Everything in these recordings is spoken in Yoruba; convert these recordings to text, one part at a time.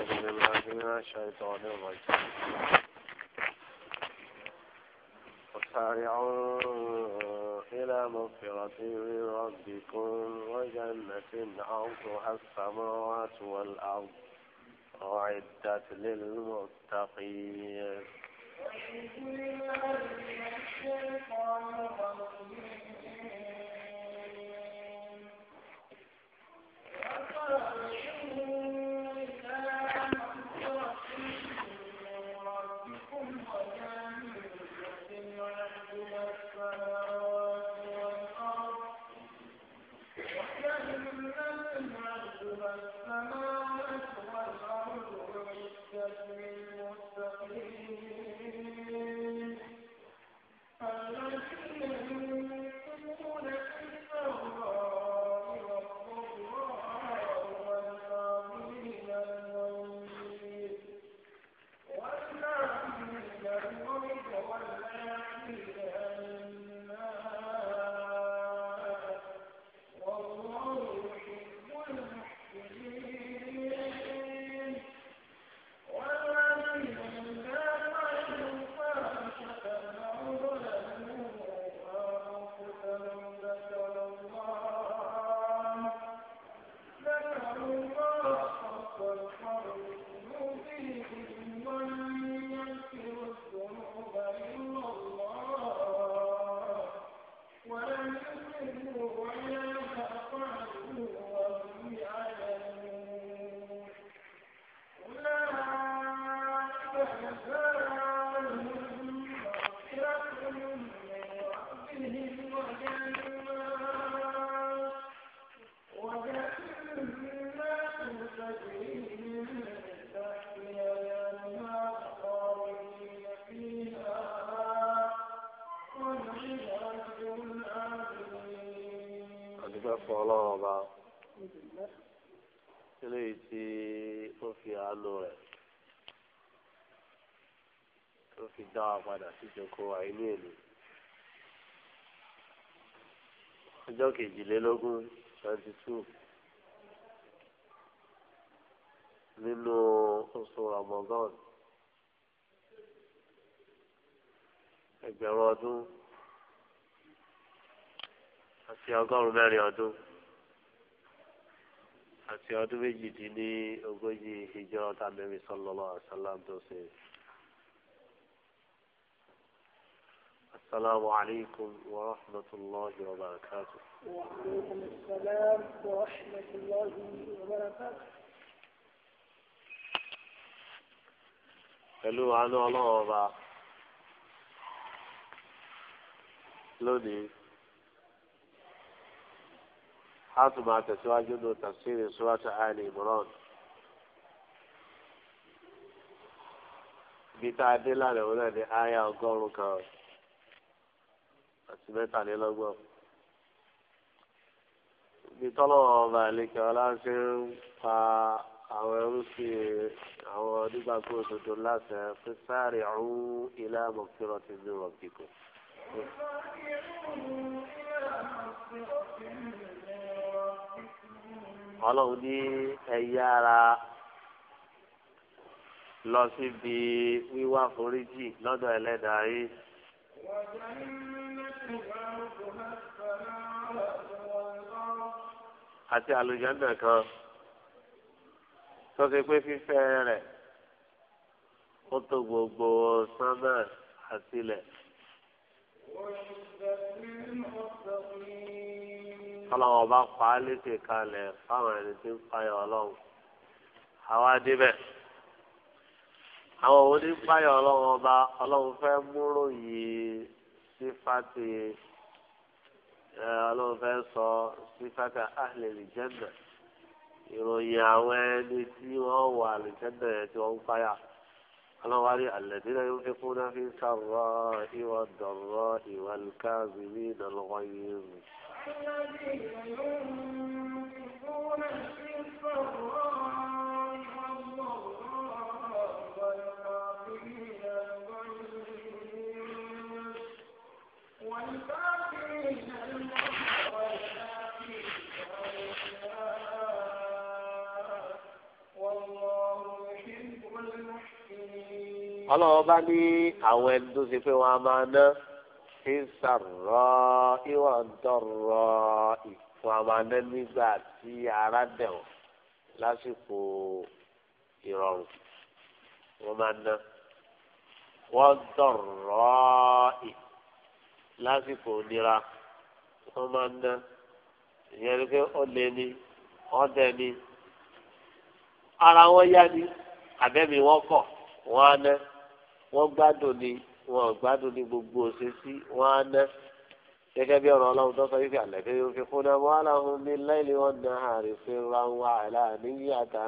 أعوذ بالله من الشيطان الرجيم وسارعوا إلى مغفرة من ربكم وجنة عرضها السماوات والأرض أعدت للمتقين Thank you. òfin ọlọ́run ọba eléyìí tí ó fi àlò rẹ̀ tó fi dá wa padà sí ìjókòó àìní èlò ọjọ́ kejìlélógún twenty two nínú oṣù Ramadan ẹgbẹ̀rún ọdún àti ọgọ́rùn-ún mẹ́rin ọdún àti ọdún méjìdínní ogójì ìjọ tàbí sallallahu alaihi wasallam tó ṣe. السلام عليكم ورحمة الله وبركاته وعليكم السلام ورحمة الله وبركاته pẹ̀lú àánú ọlọ́run ọba lónìí a tún máa tẹ̀síwájú ní tafsiri suratu Ali Imran. bí tá a dé lálẹ́ òun náà ní àyà ọgọ́rùn-ún kan àti mẹ́tàlélọ́gbọ̀n. bí tọ́lọ́wọ́ ọba àlekè ọlá ṣe ń pa àwọn ẹrú sí àwọn onígbàgbọ́ òdodo láti ẹ̀ fi sáré ọ̀hún ilé àmọ̀kírọ̀ ti ní rọ̀bìkù. Thank you ọlọ́run ní ẹ̀yà ara lọ síbi wíwá foríjì lọ́dọ̀ ẹlẹ́dàá yìí. àti àlùjáde kan tó ṣe pé fífẹ́ rẹ̀ ó tó gbogbo sánmà àtìlẹ̀. ọlọ́run ọba pa á létè kalẹ̀ fáwọn ẹni tí ń payọ̀ ọlọ́run àwa débẹ̀ àwọn òní payọ̀ ọlọ́run ọba ọlọ́run fẹ́ múrò yìí sífàtì ọlọ́run fẹ́ sọ sífàtì ahli al-jannah ìròyìn àwọn ẹni tí wọ́n wà al-jannah yẹn tí wọ́n ń payà. الموالي الذين ينفقون في السراء والضراء والكاظمين الغيظ الذين ينفقون في السراء ọlọ́wọ́ bá ní àwọn ẹni tó ṣe pé wọ́n á máa ná ṣe ń sàrọ̀ ìwà ń tọrọ ìfún àmàlà nígbà tí ara dẹ̀wọ̀n lásìkò ìrọ̀rùn wọ́n máa ná wọ́n tọrọ ì lásìkò nira wọ́n máa ná ìyẹn ni pé ó lé ní ọ̀dẹ ni ara wọn yá ni àbẹ́mi wọn kọ̀ wọ́n á ná wọ́n gbádùn ni wọn ò gbádùn ni gbogbo ṣe sí wọn á ná gẹ́gẹ́ bí ọ̀rọ̀ ọlọ́run tó sọ wípé àlẹ́fẹ́ yóò fi kún náà wọ́n á láhùn ní láìlé wọn ná àrè fi ra wọn àìlá níyì àtà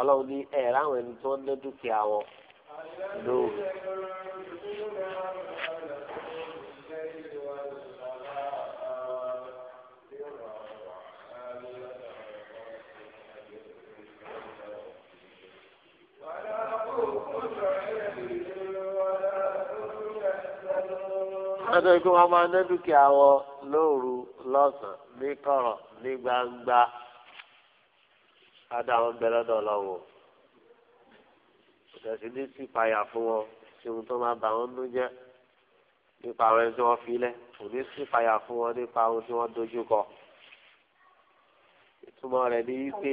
ọlọ́run ní ẹ̀ láwọn ẹni tó ń ná wọn lóòrùn. lọ́dọ̀ ikú wọn máa ná dúkìá wọn lóru lọ́sàn-án ní kọ̀rọ̀ ní gbangba ada wọn bẹ lọ́dọ̀ lọ́wọ́ ìtẹ̀sí ní sí ìpayà fún wọn tí ohun tó máa bà wọn nú jẹ́ nípa àwọn tí wọ́n fi lẹ̀ kò ní sí ìpayà fún wọn nípa ohun tí wọ́n dojú kọ ìtumọ̀ rẹ̀ ni wípé.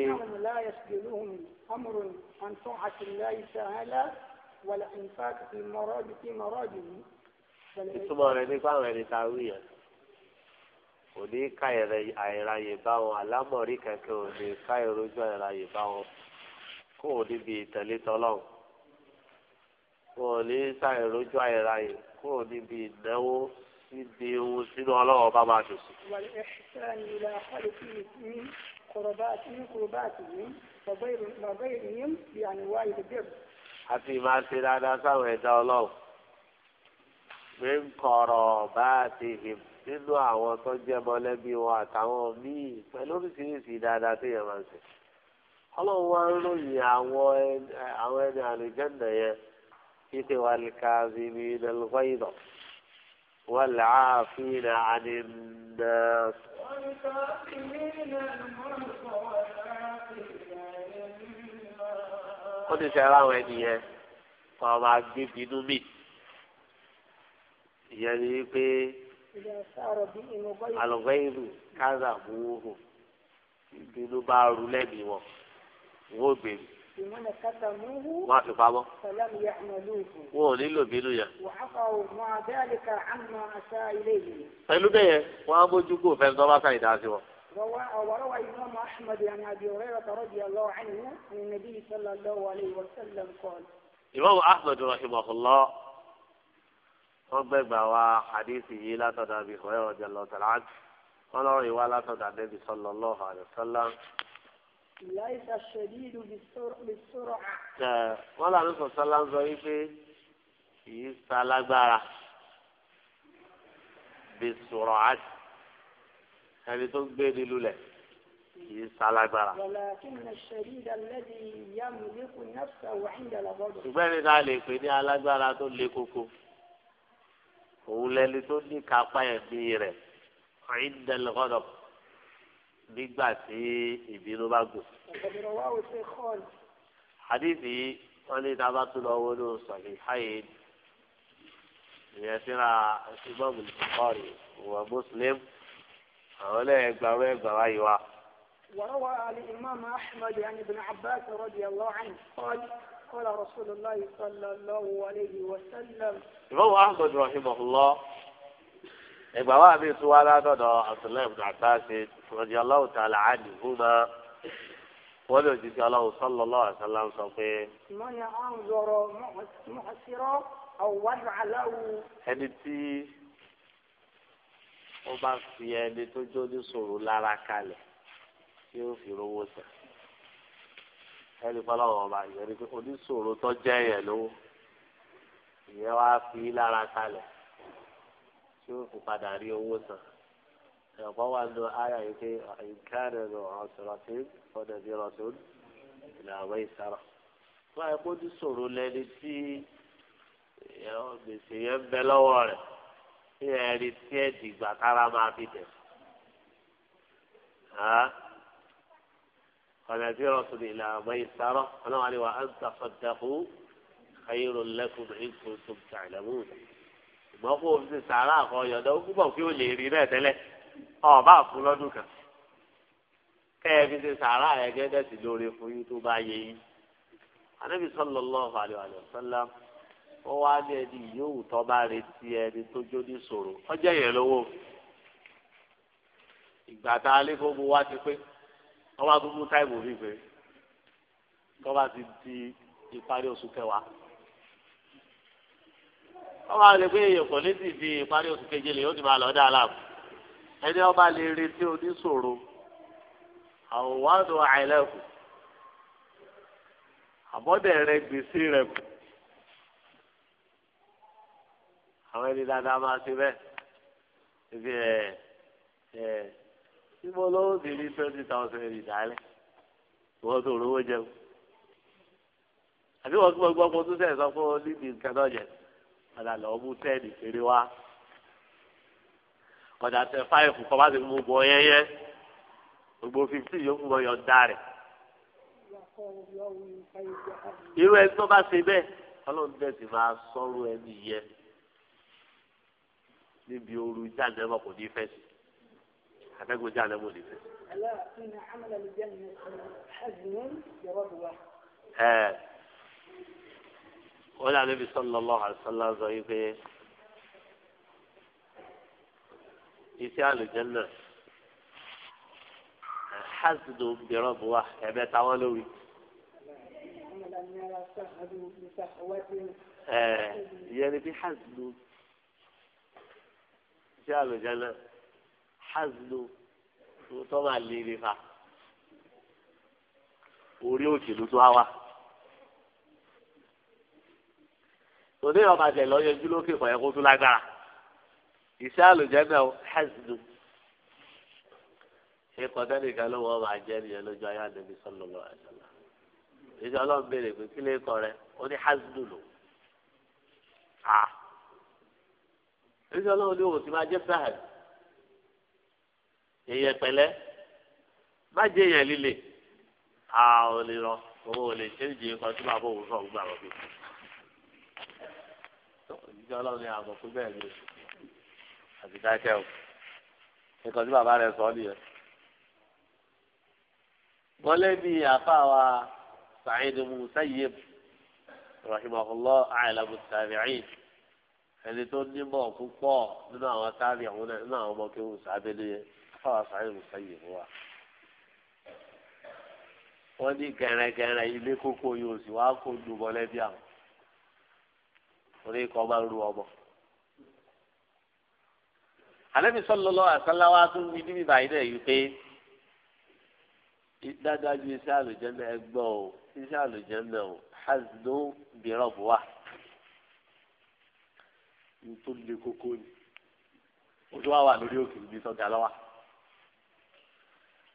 amúrùn àǹtọ́ àtìlẹ́yìn sàhálà wàlẹ̀ ìfàkì mọ̀rọ́dì mọ̀rọ́dì yìí ìtumọ̀ rẹ̀ nípa àwọn ẹni tá a wí yẹn kò ní ká àìráyè bá wọn àlámọ̀rí kẹ̀kẹ́ ò ní ká ìrójú àìráyè bá wọn kó o níbi ìtẹ̀lé tọ́lọ́hùn kó o ní ká ìrójú àìráyè kó o níbi ìnáwó síbi ewu sínú ọlọ́wọ́ bá máa dùn sí. àti ìmáa ṣe dáadáa sáwọn ẹ̀dá ọlọ́run pé ń kọ̀rọ̀ bá a ti hìm nínú àwọn tó jẹ́ mọ́lẹ́bí wọn àtàwọn míì pẹ̀lú oríṣiríṣi dáadáa tó yẹ máa ń sè. ọlọ́run wá ń ròyìn àwọn ẹni àlùjẹ́ǹdà yẹn kí wà lìkà bíbí lẹ́lùkọ́ ìdọ̀ wọ́n lè á fi ó ti sẹ́ra àwọn ẹni yẹn kọ́ máa gbé bínú míì ìyẹn ni wípé alùpàìlù káza fowó ìbínú bá rú lẹ́mìí wọn wọ́n gbèrú wọ́n fi pamọ́ wọn ò nílò bínú yẹn. pẹ̀lú bẹ́yẹn wọ́n á mójú kó fẹ́ẹ́ tó bá sàn ìdásí wọn. وروى الإمام أحمد عن أبي هريرة رضي الله عنه عن النبي صلى الله عليه وسلم قال الإمام أحمد رحمه الله gbẹgbà wa hadithi yìí látọ̀dọ̀ àbí ìfọ̀yẹ́ ọ̀jẹ̀ lọ tẹ̀lé àti wọn lọ́rọ̀ ìwá látọ̀dọ̀ àdébí sọlọ lọ́hùn àdìsọ́lá. wọ́n lànà sọ̀sọ́lá ń sọ yìí pé kìí sa lágbára bí sọ̀rọ̀ àti ẹni tó gbé ní lulẹ̀ kìí sa lágbára. ṣùgbọ́n ẹni tá a lè pè ní alágbára tó le koko òun lẹni tó ní kápá ẹ̀mí rẹ̀ ọ̀ìndẹ̀lẹ́gọ́dọ̀ nígbà tí ìbínú bá gùn. hadithi wọn ní tá a bá tún lọ wọ́n ní sọ̀rọ̀ ìháyé ìyẹn síra ìmọ̀mù ìkọ́rì ìwà mùsùlùm àwọn ẹlẹ́gbàá ẹgbàá wáyé wa. وروى الإمام أحمد عن ابن عباس رضي الله عنه قال قال رسول الله صلى الله عليه وسلم هو أحمد رحمه الله إبواء من سوالة عبد الله بن عباس رضي الله تعالى عنهما wọ́n lè jìjì aláwọ̀ sọ́lọ́lá àṣàlá ń sọ pé. mọ́nyà á ń zọrọ mọ́sirọ́ àwòwádùn aláwọ̀. ẹni tí ó bá fi ẹni tó jó ní sòrò lára kalẹ̀ tí ó fi rówó sàn ẹni fọlọ́wọ́ ọba ìyẹn ni pé oníṣòro tó jẹ́ yẹn lówó ìyẹn wá fi lára kalẹ̀ tí ó fi padà rí owó san ẹ̀kọ́ wà lọ ara yìí pé ìkárẹ̀ lọ ọ̀sọ̀rọ̀sí fọdẹ̀bí rọ̀sùn ìlànà ìsára wọ́n á kó oníṣòro lẹni tí gbèsè yẹn ń bẹ lọ́wọ́ rẹ̀ kí ẹ̀rí tí ẹ̀ dìgbà kára máa fi tẹ̀ ọ̀nà tí rọ̀sùn ìlà àmọ́ ìsárọ̀ ọlọ́run àlewà á ń tàfọ̀dàkú ayérò lẹ́kùn ní kòtò tàìlẹ́mù ìgbọ́n kó o ti sàárà àkọ́ ọ̀yọ̀dọ́ púpọ̀ kí o lè rí náà tẹ́lẹ̀ ọ̀bá fún lọ́dún kan kẹ́ ẹ fi ṣe sàárà rẹ gẹ́gẹ́ sí lóore fún yín tó bá yẹ yín anábì sallallahu alaihi wasallam ó wá ní ẹni yóò tọ́ bá retí ẹni tó jó ní ṣòro ọjọ́ yẹn lówó ìgbà tá a lé gbogbo wa ti pé wọ́n bá tún mú táìmù mi pé tó bá ti di ìparí oṣù kẹwàá wọ́n bá lè pé èèyàn kò ní sì di ìparí oṣù keje lè yóò ti máa lọ dá aláàbò ẹni ọba lè retí oníṣòro àwòwádùn àìlẹ́kùn àbọ̀dẹ̀ rẹ gbèsè rẹ kù àwọn ẹni dáadáa máa ṣe bẹ́ẹ̀ ẹ̀ ẹ̀ síbò lówó sì ní twenty thousand rì dálẹ̀ wọ́n tó rówó jẹun àbí wọ́n gbọ́ gbọ́ kó tún sẹ̀ sọ fún onídìí nǹkan náà jẹ padà lọ́ọ́ mú tẹ́ẹ̀nì kéré wá ọ̀dà tẹ fáìfù kọ́ bá ti mú bọ́ yẹ́yẹ́ gbogbo fifteen yòókù lọ yọ̀ǹda rẹ̀ irú ẹni tó bá ṣe bẹ́ẹ̀ ọlọ́run bẹ́ẹ̀ sì máa sọ́rọ̀ ẹni yẹ níbi ooru jáde ọmọ kò ní fẹ́ sí. هذا هو جعل مولي لا فينا عمل الجنة حزن بربوه. ها. ولا النبي صلى الله عليه وسلم ضعيفة. يسأل الجنة حزن برضوة أبي تعالوي. يعني في يعني حزن. جعل الجنة hazlo tó tọ́ máa lé ní fa orí òkè ló tó wá wá. òní ọba tẹ̀ lọ yẹjú lókè kọ̀yẹ́ kó tún lágbára ìṣẹ́ àlùjẹ́ náà hazlo ìkọ̀tẹ́ nìkan ló wọ́n máa jẹ́ nìyẹn lójú ayé àdébí sọ́lọ́lọ́ àjọlá ìjọ ọlọ́run béèrè pé kí lè kọ́ rẹ ó ní hazlo lò á ìjọ ọlọ́run ní òun ti máa jẹ́ sáàdì èyẹ pẹ̀lẹ́ má jẹ èyàn líle a ò lè rọ owó ò lè ṣe ìjì kan tí màá bò wọ́n fún ọgbà wọn bí. ìjọ ọlọ́run ni àmọ̀ pé bẹ́ẹ̀ ni àti dákẹ́ o nǹkan tí bàbá rẹ̀ sọ nìyẹn. wọ́n lé bí àfa wa Sa'id Musayyib rahimahullah alamu tabi'in ẹni tó nímọ̀ púpọ̀ nínú àwọn tábì nínú àwọn ọmọ kéwù sábẹ́lẹ́ yẹn fáwọn sáré ló sáyè fún wa. wọ́n ní gẹ̀rẹ́gẹ̀rẹ́ ilé kókó yóò sì wá kó lu mọ́lẹ́bí àwọn orí ikọ̀ bá ru ọmọ. àlẹ́bí sọ́lọ́lọ́ àṣálá wa tún ní níbi báyìí náà yìí pé dájú iṣẹ́ àlùjẹ́mẹ́ ẹgbọ́n o iṣẹ́ àlùjẹ́mẹ́ o hasdo bìrọ̀bù wa nítorí kókó ni ojú wa wà lórí òkè ibi sọ́gà lọ́wọ́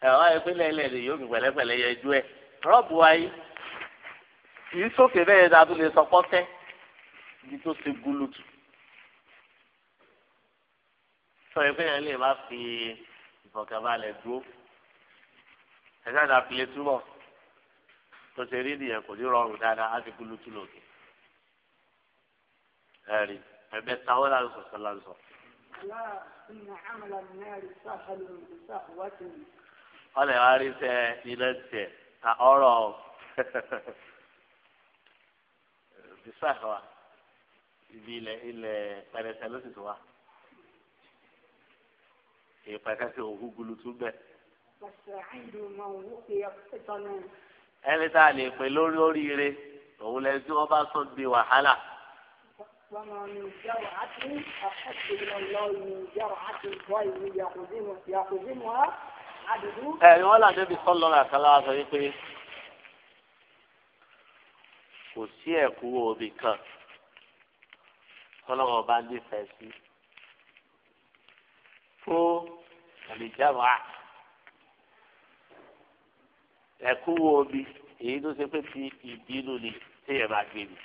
ẹ̀rọ ìpínlẹ̀ ẹlẹ́dẹ̀ yóò fi pẹ̀lẹ́pẹ̀lẹ́ yẹjú ẹ̀ rọ́ọ̀bù wáyé kì í sókè bẹ́ẹ̀ dáa tó lè sọ pọ́tẹ́ ibi tó ṣe gúlùtù. sọ ìpínlẹ̀ lè má fi ìfọ̀kànbalẹ̀ dúró ẹ̀ka ìdá file túbọ̀ tó ṣe rí nìyẹn kò ní rọrùn dáadáa á ti gúlùtù lòkè. ẹ̀rí ẹ̀bẹ̀ táwọn làlùsọ̀ sọ làlùsọ̀ ọlẹ wa rí sẹ ilé tiẹ ta ọ̀rọ̀ o bisá wa ibi ilẹ̀ ilẹ̀ pẹrẹsẹ ló sì tó wa èyí pẹrẹsẹ òhu gulu tún bẹ. ẹni tá a lè pè lórí oríire òun lẹni tí wọn bá sọ di wàhálà. وما من جرعة أحب إلى الله من جرعة الظلم يقدمها ẹ̀yin wọn làdé bí sọ́ọ́ lọ́rọ̀ àkàlà sọ wípé kò sí ẹ̀kú omi kan tọ́lọ́wọ́ bá nífẹ̀ẹ́ sí fún àlìjáwá ẹ̀kú omi èyí tó ṣe pé ti ìbínú ni tí ẹ̀ máa gbé mi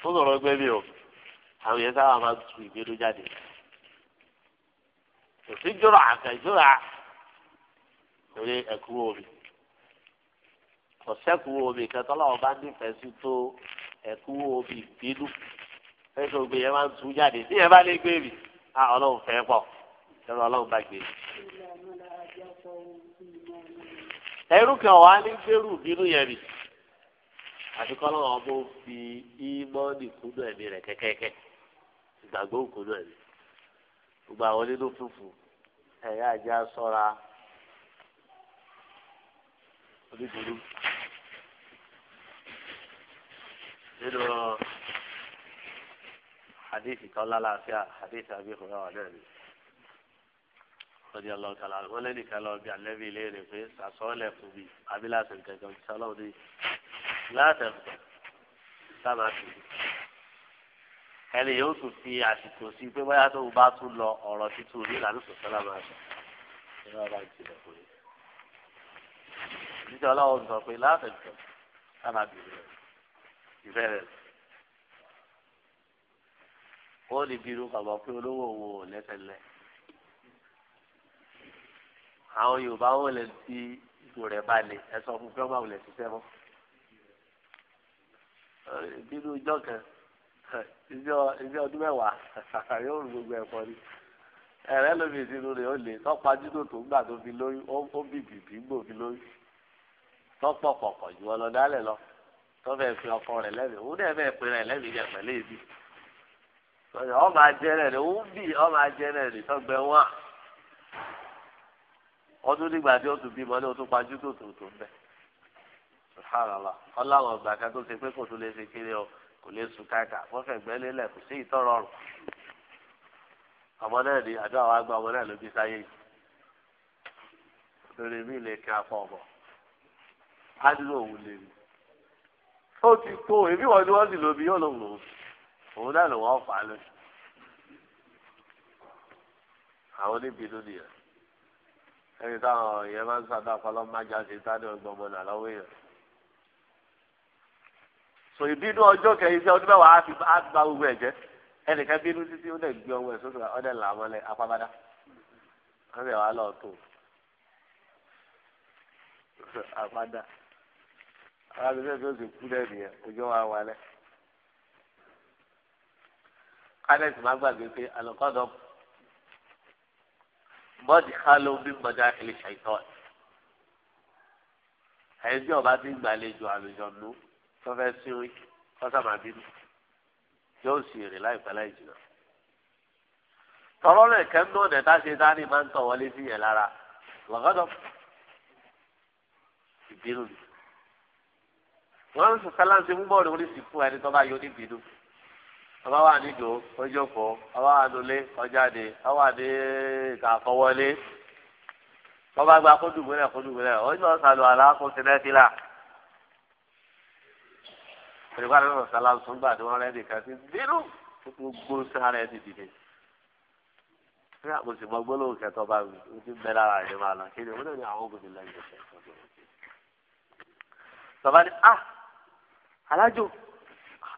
tó sọ̀rọ̀ gbé mi o àwọn yẹn sábà máa tu ìbínú jáde kò sí torí ẹ̀kúrú omi ọ̀sẹ́kúrú omi kẹtọ́ làwọn bá nífẹ̀ẹ́ sí tó ẹ̀kúrú omi bínú ẹ̀sùn ògbé yẹn máa ń tú jáde tí yẹn bá lè gbé mi à ọlọ́run fẹ́ pọ̀ ẹ̀rọ ọlọ́run bá gbé mi. ẹrú kan wà ní gbèrú bínú yẹn mi àti kọ́ lọ́wọ́ ọmọ fi ímọ́ọ̀nì kúndùn ẹ̀mí rẹ̀ onídùúró nínú hadith kan lálàáfíà hadith Abi Hurairah náà ni sọdí ọlọ́ọ̀tàlá wọn lẹ́nu ìka lọ bí alẹ́bí léèrè pé sàsọ́ọ̀lẹ̀ fún mi abilásẹ̀ gẹ́gẹ́ sọlọ́ọ̀ ní látẹ̀fẹ̀ sábà fi ẹni yóò tún fi àsìkò sí pé bóyá tó bá tún lọ ọ̀rọ̀ títún ní ìlànà sọ̀tẹ́lá máa sọ ìlànà bá ń tilẹ̀ fún yìí jíjẹ ọlọ́wọ́ sọ pé láàfẹ̀tẹ̀ ká máa bìrì rẹ̀ ìfẹ́ rẹ̀ ó lè bírú kàbọ̀ pé olówó wo lẹ́sẹ̀lẹ̀ àwọn Yorùbá wo lè ti ipò rẹ̀ balẹ̀ ẹ sọ fún fẹ́ máa wò lè ṣiṣẹ́ mọ́ bírú ijọ́ kan ijọ́ ọdún mẹ́wàá yóò rú gbogbo ẹ̀kọ́ ni. ẹ̀rẹ́ lómi ìsinú rẹ̀ ó lè tọ́pa dídò tó gbà tó fi lóyún ó bì bìbí gbò fi lóyún tọ́pọ̀ kọ̀kọ̀ ju ọlọ́dálẹ̀ lọ fe fi ọkọ rẹ lẹ́mìí òun náà pe rẹ̀ lẹ́mìí jẹ pẹ̀lú èdè ọmọ ajẹ́rẹ̀ rẹ̀ òun bì ọmọ ajẹ́rẹ̀ rẹ̀ tọ́gbẹ́ wọn ọdún nígbà tí ó tún bímọ ní o tún pajú tó tó tó bẹ́ẹ̀ subhanallah ọgbà kan tó ṣe pé kò tún lè ṣe kéré o kò lè sùn káàkà wọ́n ọmọ náà ni àdúrà wa gba ọmọ náà ló bí sáyé yìí lórí mi lè kí afọ ọmọ ádùn òun lè rí ó ti tó èmi wọn ni wọn sì lóbi yóò lòun lòun òun náà lòun ọfà lóṣù àwọn oníbinú nìyẹn ẹni táwọn yẹn máa ń sáadà fọlọ́ májà ṣe sáré ọgbọ̀n mọ́ nà lọ́wọ́ èèyàn. sọ ìbínú ọjọ́ kẹyìn sí ọdún mẹ́wàá á gba gbogbo ẹ̀jẹ̀ ẹnìkan bínú títí ó dẹ̀ gbé ọwọ́ ẹ̀ sódò ọdẹ làmọ́lẹ̀ apábádá wọ́n sì wá lọ tó apádá alábẹ́sẹ̀ tó sì kú dẹ̀ nìyẹn ojú wa wálẹ̀ kánẹ́tì má gbàgbé pé alùpàdọ́ bọ́ọ̀dì kálọ́ bí gbọ́dá ilé ṣàìtọ́ ẹ̀yìn tí ọba ti gbàlejò àlùjọ nù tó fẹ́ sí orí kọ́sàmà bínú yóò sì rìn láìpẹ́ láì jìnnà. tọ́lọ́ rẹ̀ kẹ́mú ọ̀nà tá a ṣe dání máa ń tọ̀ wọlé sí yẹn lára lọ́gọ́dọ̀ ìbínú ni. wọ́n ń sọ sáláńsì ń bọ̀ọ̀lù ní sìnkú ẹni tó bá yọ ní ìbínú. ọba wà nídò ọjọ́ fọ ọba wà nulẹ̀ ọjáde ọba wà ní ìta àfọwọ́lé ọba gba kó dùgbò náà kó dùgbò ọjọ́ sàlù kó sinẹ́fìlà pẹ̀lú àlọ́ sọ̀rọ̀ sálá sùn gbà tí wọ́n rẹ́ nìkan sí bínú gbogbo sára ẹ̀ ti dìde. ṣé àpò sì mọ gbólóhùn kẹtọ bá mi ó ti bẹ lára rẹ máa lọ kí ni wọ́n ní àwọn obìnrin lẹ́yìn ìṣẹ̀ ìṣẹ̀ bàbá ni ah alájò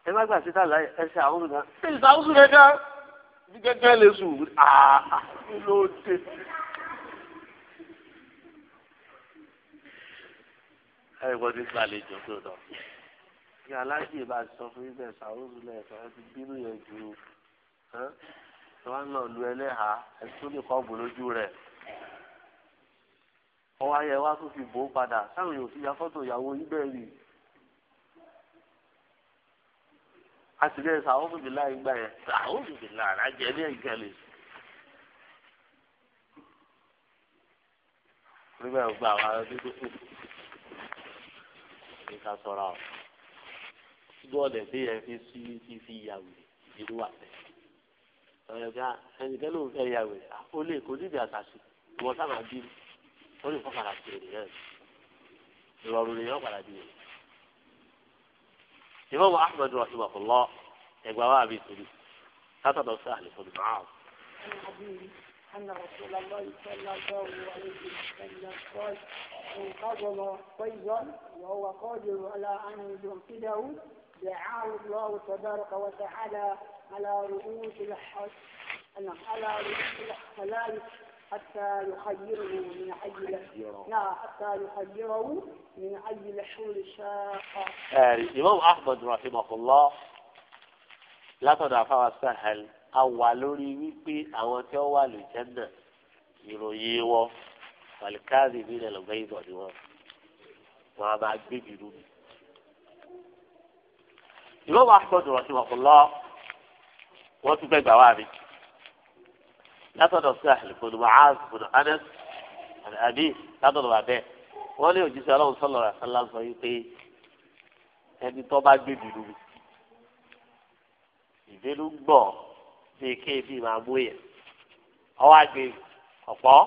ẹ má gbà síta láyé ẹ ṣe àwọn obìnrin náà ṣe ìṣàwùsù rẹ ká gẹ́gẹ́ lè sùn ah, ah ló dé. ẹ wọ́n ti gbàlejò tó dọ̀ tí alájì bá sọ fún ibẹ̀ sàrúsù lẹ́ẹ̀kan ẹ ti bínú yẹn ju ẹ wá náà lu ẹlẹ́hà ẹ tún lè kọ́ bò lójú rẹ̀ ọwọ́ ayẹ wa tún fi bò ó padà sáwọn yòó ti ya fọ́tò ìyàwó ibẹ̀ rì a sì lè sàrúsù bí láì gbà yẹn sàrúsù bí láì rájẹ ní ìgẹ̀lẹ̀. nígbà gbogbo àwọn ará dídí ní ká sọ̀rọ̀ àwọn bí ọ̀nà tí yẹn fi sí fífi ìyàwó ìdílé wà tẹ̀. ọ̀rẹ́ bí ẹnìkan ló ń fẹ́ ìyàwó rẹ̀ ó lè kó níbi àtàṣe ìwọ̀n sábà bí ó lè fọ́n padà sí ènìyàn ìrọ̀rùn ènìyàn padà bí rẹ̀. ìmọ̀mù ahmed rahimahullah ẹgbàá wa àbí ìtòlú látọ̀dọ̀ sí àlè fún mi. أن رسول الله صلى الله عليه وسلم قال انقضى فيضا وهو قادر على أن ينقذه دعاه الله تبارك وتعالى على رؤوس الحج على رؤوس الحلال حتى يخيره من أي نعم حتى يخيره من أي لحول شاقة آه، الإمام أحمد رحمه الله لا تدع فواسهل àwa lórí wípé àwọn tí wọn wà lùjẹ́nà ìròyìn wọn pàlìkáàdì nílẹ̀ lọ́gbẹ́ ìbọ̀ ni wọn wọn a máa gbé bìrù mi. ìmọ̀ wà sọ̀dọ̀ ọ̀sìn wọ̀kùn lọ wọ́n tún fẹ́ gbà wá mi. látọ̀dọ̀ sí àlùfóònù mahaz bùnú anes àbí látọ̀dọ̀ bàbẹ́ wọ́n ní òjíṣẹ́ ọlọ́run sọ̀lọ̀ àṣàlá sọ yìí pé ẹni tó bá gbé bìlú mi ìbínú gbọ̀ bí kéèbì máa mú yẹn ọwọ́ àgbè ọ̀pọ̀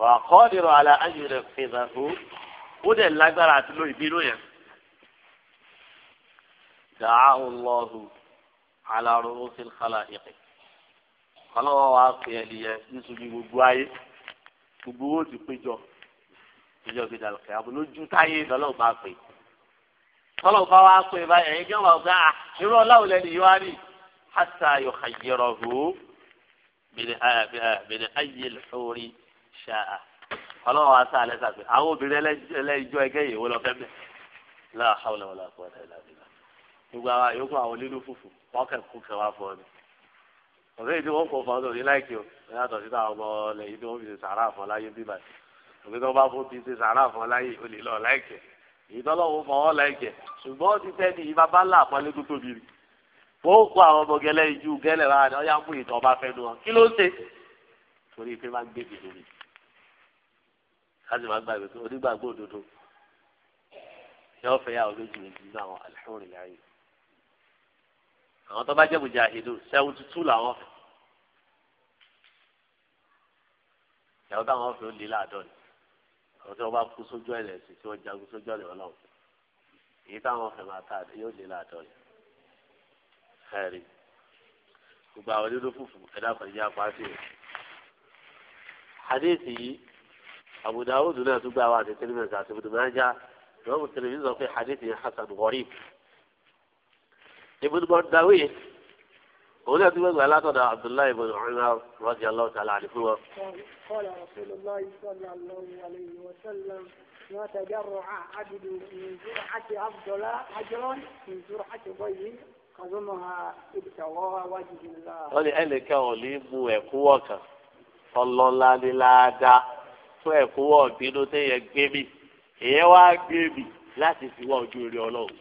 wà kọ́ nírọ̀ àlà ayé rẹ̀ fèrè hù ó dẹ̀ lágbára àti lóyún bínú yẹn dàáhù lọ́hù alárò ó sì kálá ìpè kọ́lọ́wọ́ wa pè é nìyẹn nítorí gbogbo ayé gbogbo owó ti péjọ ìjọ gbèdà lọ́kẹ́ àbúlójú táyé lọ́lọ́ọ̀ bá pè kọ́lọ́ọ̀ bá wa pè báyìí ẹ̀yin kí wọ́n gbà irú ọláwọ̀ lẹ́nu yìí wá rí hasa yóò xayẹrọ hù bìnnì ayé lórí ṣáà kọ́lọ́ọ̀ wa sá alẹ́ sàpè àwọn obìnrin ẹlẹ́jọ́ ẹgẹ́ yìí wọ́n lọ fẹ́ bẹ́ẹ̀ láàhàwọ̀lẹ́wọ̀lẹ́ àkọ́wọ́lẹ́ gbogbo àwọn yòókù àwọn nínú fùfù wọn kẹ kẹwàá fún ni ọ̀sẹ̀ yìí tí wọ́n fọ̀ fọ́ ọdún ní láìkí o yàtọ̀ sí táwọn ọmọ ọlẹ̀ yìí tí wọ́n fi ṣe sàárà fún láyé bí báyìí òbí tó bá fún ti ṣe sàárà fún láyé o lè lọ láìkẹ̀ èyí tó lọ́wọ́ fọ́ ọ láìkẹ̀ ṣùgbọ́n ti tẹ́ ni ìbá bá là pọ́nlé tó tóbi rí ó kó àwọn ọmọ gẹlẹ́ ijú gẹlẹ́ rárá ni ọyá mú ìtọ́ bá fẹ́ nu wọn kí ló ṣe torí pé máa ń gbé bìbí mi láti máa gbàgbé onígbàgbọ́ òdodo yóò fẹ́ yà ọ lójú ìdí náà àlùfáà òrìlẹ̀ ayé àwọn tó bá jẹ́ mùjáhìdù sẹ́wọ́n tuntun làwọn fẹ́ ìyàwó táwọn fẹ́ ó lé láàdọ́ni àwọn tí wọ́n bá kú sójú ẹ̀rẹ̀ sí tí wọ́n jagun sójú ẹ̀rẹ̀ ọlọ́run èyí táwọn fẹ́ máa ta àdé yóò lé láàdọ́ni ẹ̀rí gbogbo àwọn onídó fùfù ẹ̀dá kan yá pàṣẹ hadith yìí Abu Dawud náà tún gbà wá àti tẹlifíṣàn àti ibùdó máa ń já ìwọ́n mu tẹlifíṣàn pé hadith yẹn hasan gharib ibùdó bọ́ dawí òun náà ti wọ́n gbà látọ̀dọ̀ abdullahi ibn umar radiyallahu ta'ala anhu fún wọn. qala rasulullahi sallallahu alayhi wa sallam ما تجرع عبد من زرعة أفضل أجرا من زرعة ضي قدمها ابتغاء وجه الله. wọ́n ní ẹnìkan ò ní mú ẹ̀kúwọ̀ kan ọlọ́lá ní láadáa fún ẹ̀kúwọ̀ bínú téèyàn gbé mi èèyàn wá gbé mi láti fi wá ojú rere ọlọ́run.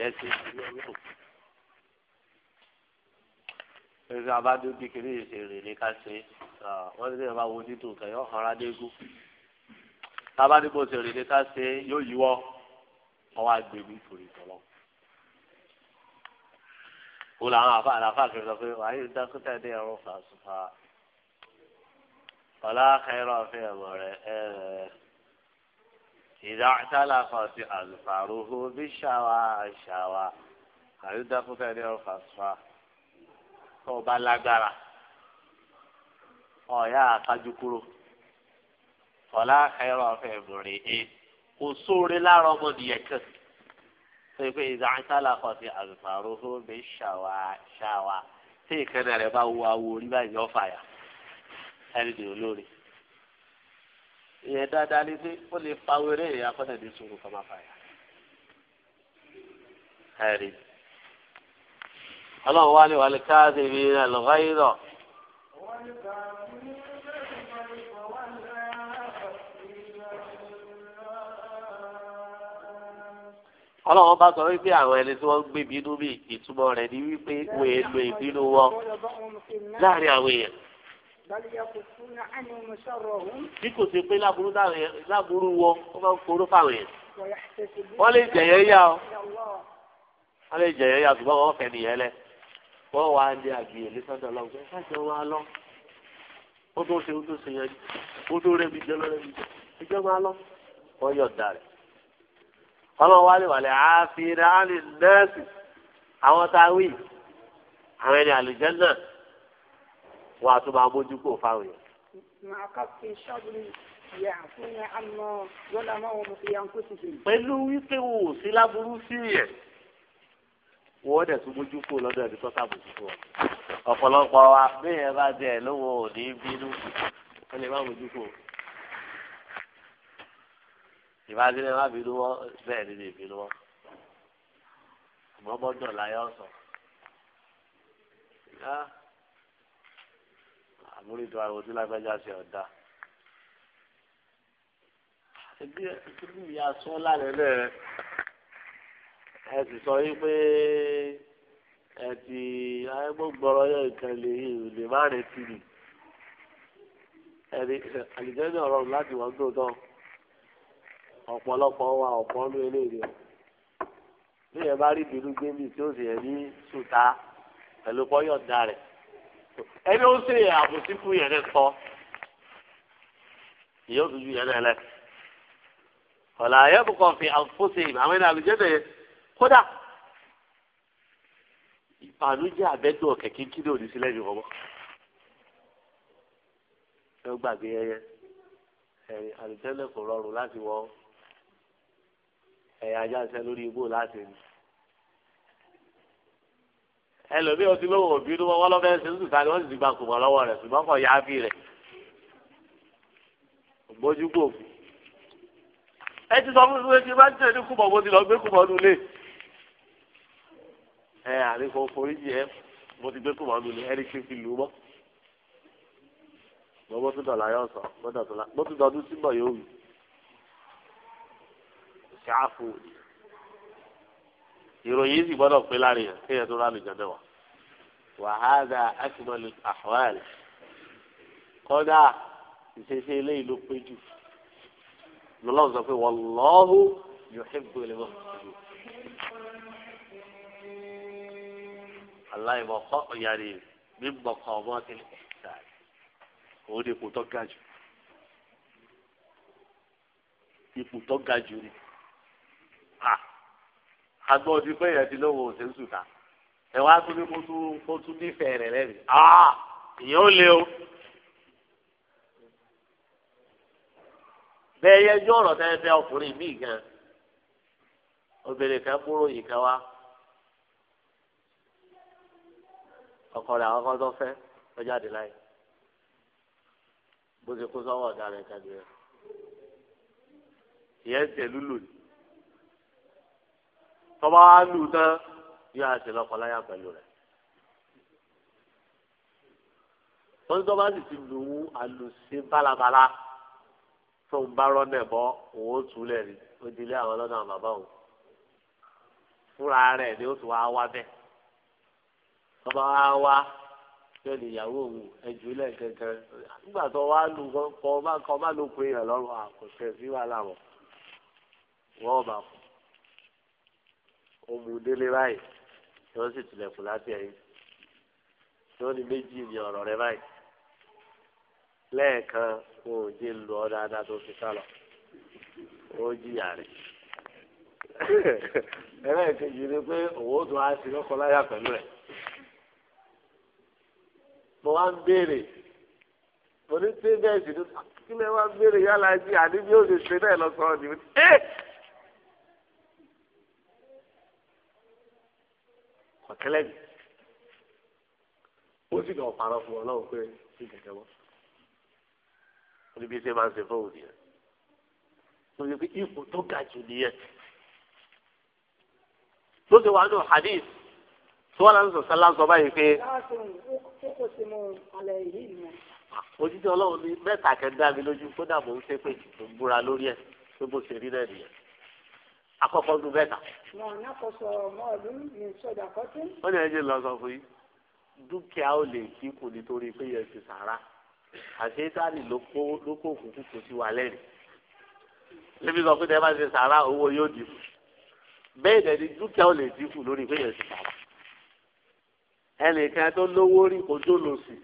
lẹ́sìn ìlú ọlọ́run. Ẹ̀sìn àbádó bí kiri ṣe rè ní ká ṣe wọ́n ti ní ìyàwó àwọn onídùn nǹkan yóò hàn rádégún. Tábà ní bó ṣe rè ní ká ṣe yóò yíwọ́ ọwọ́ agbègbè ìtòrí tọ́lọ́. Wọ́n làwọn àfa àlàfà kiri sọ pé wàá yóò dákútà ní ẹ̀rọ fàṣùfà. Ọlá kẹrọ fẹ́ ẹ̀mọ̀ rẹ̀ ẹ̀rẹ̀. إذا اعتلقت أظفاره بالشوى الشوى àyùdáfún fẹ́ẹ́ rí ọ̀fà sọ́à tó o bá lágbára ọ̀yá àkájú kúrò ọ̀la ẹ̀rọ ọ̀fẹ́ ìbùrìn ẹ̀ kò sóore lára ọmọnìyàn kan tó pé ìdáńtàlà kan ti àlùfààrò hómi ṣàwà ṣàwà tí ìkànnì rẹ̀ bá wo awo orí báyìí ọ̀fà yà ẹni dè olóore ìyẹn dáadáa ní pé ó lè fa wéré ìyá akọ́tẹ̀ ní sùúrù kọ́ máa fàyà. ẹ̀rí ọlọ́run wá ní wàlẹ̀ káàsì mi náà lọ́gá yìí rọ̀. ọlọ́run bá sọ wípé àwọn ẹni tí wọ́n gbé bínú mi ìtumọ̀ rẹ̀ ni wípé wọ́n èlò ìbínú wọn láàrin àwọn èèyàn bí kò ṣe pé láburú wọn ó máa ń foró fáwọn yẹn wọ́n lè jẹ̀yẹ́ yá o wọ́n lè jẹ̀yẹ́ yá ṣùgbọ́n wọ́n fẹ́ nìyẹn lẹ wọ́n wá ní àgbìyẹ lẹ́sọ̀dọ̀ lọ́wọ́ ẹ ṣáàjọ wa lọ ó tó ṣe ó tó ṣe yẹn ó tó rẹ́bi jẹ́ lọ́rẹ́bi jẹ́ ẹjọ́ máa lọ wọ́n yọ̀ ọ̀dà rẹ̀ ọlọ́wọ́ wálé wàlẹ̀ àfihàn àlè nẹ́ẹ̀sì àwọn táwí àwọn ẹni àlùjẹ́ náà wọn a tún máa mójú kó fáwọn yẹn. pẹ̀lú wípé wò ó sí láburú sí yẹn wọ́n dẹ̀ tún mójú kó lọ́dọ̀ ẹni tó sàbòsí fún ọ. ọ̀pọ̀lọpọ̀ wa bẹ́ẹ̀ bá jẹ́ ẹ̀ lówó ò ní bínú ó lè má mójú kó. ìbájúlẹ̀ má bínú wọ́n bẹ́ẹ̀ ni lè bínú wọ́n. ìmọ̀gbọ́dọ̀ láyọ̀ sọ àmúrí tó ariwo tí lágbájá ṣe ọ̀dà. ẹbí ẹbí mi yà sún lálẹ́ lẹ́rẹ̀ ẹ sì sọ yí pé ẹ ti ayégbógbọ́rọ̀ yẹ nǹkan lè lè má retí mi. ẹni àlùjẹ́ ní ọ̀rọ̀ láti wọ́n tó tán ọ̀pọ̀lọpọ̀ wa ọ̀pọ̀ ló eléyìí o. bí ẹ bá rí ìbínú gbé mi tí ó sì yẹ ní sùtá pẹ̀lú pọ́yọ̀dá rẹ̀ ẹni ó ṣe àbòsí fún yẹn sọ yóò tún yẹn lẹ ọ̀là ayébùkọ̀ fi àfọ́sẹ̀ àwọn ẹni àlùjẹ́dẹ̀ kódà ìbànújẹ́ àbẹ́dọ̀ kẹ̀kẹ́ kí ló sílẹ̀ yìí wọ́n ẹ gbàgbé ẹyẹ ẹ̀yìn àlùjẹ́dẹ̀ kò rọrùn láti wọ ẹ̀yà ajá ń lórí igbó láti ní ẹlòmíì ó ti òbí ló wọ́n lọ́ fẹ́ẹ́ ṣe ń sùkà ni wọ́n sì ti gba kùmọ̀ lọ́wọ́ rẹ̀ ṣùgbọ́n kọ̀ ya bí rẹ̀ ògbójúgbò ẹ ti sọ fún mi pé kí n bá jẹ́ ní kùmọ̀ mo ti lọ gbé kùmọ̀ nulẹ̀ ẹ àríkò foríjì ẹ mo ti gbé kùmọ̀ nulẹ̀ ẹni kí n fi lù ú mọ́ gbogbo tó dọ̀là yóò sọ bó tó dọ̀dún síbọ̀ yóò wù ṣáfù ìròyìn sì gbọ́dọ̀ pé láàrin kéèyàn tó rálù jẹ́dẹ̀ wàhálà akínọ́lù àhwàl kọ́dà ìṣesí eléyìí ló pé jù lọ́lọ́ sọ pé wàlọ́hù yóò ṣe gbélé wọn. aláìmọ̀kọ́ yàrá mímọ̀kọ́ ọmọ ti lè ṣe òun ni ipò tó ga jù ipò tó ga jù ni àgbọ̀dì bẹ́ẹ̀ yẹn ti lọ́wọ́ òṣèlú sùn náà ẹ wá tún ní kó tún nífẹ̀ẹ́ rẹ̀ lẹ́nu ah ìyẹn ó le o. bẹ́ẹ̀ yẹjú ọ̀rọ̀ tẹ́lẹ̀ fẹ́ ọkùnrin míì gan obìnrin kan kúrò yìí kan wá ọkọ rẹ̀ àwọn kan tó fẹ́ ó jáde láyé bó ti kó sọ́wọ́ ọ̀dà rẹ̀ kàdé rẹ̀ ìyẹn tẹ̀ lúlù ni tọ́ba lù tán yóò á ṣe lọ́kọ láyà pẹ̀lú rẹ̀. wọ́n tó bá sì ti lù àlùsí bálabàla tó ń bá rọ́nà ẹ̀bọ́ òun ó túlẹ̀ rí ó di ilé àwọn ọlọ́dún bàbá òun fúnra rẹ̀ ni ó tún wá wá bẹ́ẹ̀ bàbá wa wá yóò di ìyàwó òun ẹ̀jú ilẹ̀ kẹ̀kẹ́ nígbà tó wá lù kọ́ ọ má ló pé yàn lọ́rùn àkọsẹ̀ sí wàhálà wọn wọ́n bá fún un ó báyìí tí wọ́n sì tilẹ̀kùn láti ẹ̀yìn tí wọ́n ní méjì ní ọ̀rọ̀ rẹ báyìí lẹ́ẹ̀kan wọn ò jẹ́ lu ọ dáadáa tó fi sálọ ó jìyà rẹ̀ ẹlẹ́ẹ̀kejì ni pé òwò tó á sí lọ́kọ láyà pẹ̀lú rẹ̀ mo wá ń béèrè mo ní tí bẹ́ẹ̀ sì ni ah, kí lè wá ń béèrè yálà jí àní ó ṣe ṣe bẹ́ẹ̀ lọ́sọ̀ọ́ ni ẹ́ ọ̀kẹ́lẹ́ mi ó sì kàn parọ́ fún ọlọ́run pé kí kẹ̀kẹ́ wọ́n níbi ṣe máa ń ṣe fóun nìyẹn lórí pé ipò tó ga jù nìyẹn ló ṣe wà nù hadith tí wọ́n lọ́n sọ sálá sọ báyìí pé. òjijì ọlọ́run ní mẹ́ta kẹ́ńdá mi lójú kódà mò ń ṣépè tó ń búra lórí ẹ̀ pé bó ṣe rí náà nìyẹn àkọ́kọ́ dùn bẹ́ẹ̀ ta. wọ́n ní ẹjẹ́ lọ sọ fún yín dúkìá ò lè kíkù nítorí pé yẹn ti sàrà àṣetáni ló kó òkú kò sí wa lẹ́nu níbi sọ pé tẹ́ bá ṣe sàrà owó yóò dínkù bẹ́ẹ̀ dẹ̀ ni dúkìá ò lè dínkù lórí pé yẹn ti sàrà ẹnìkan tó lówó rí kò dólo sí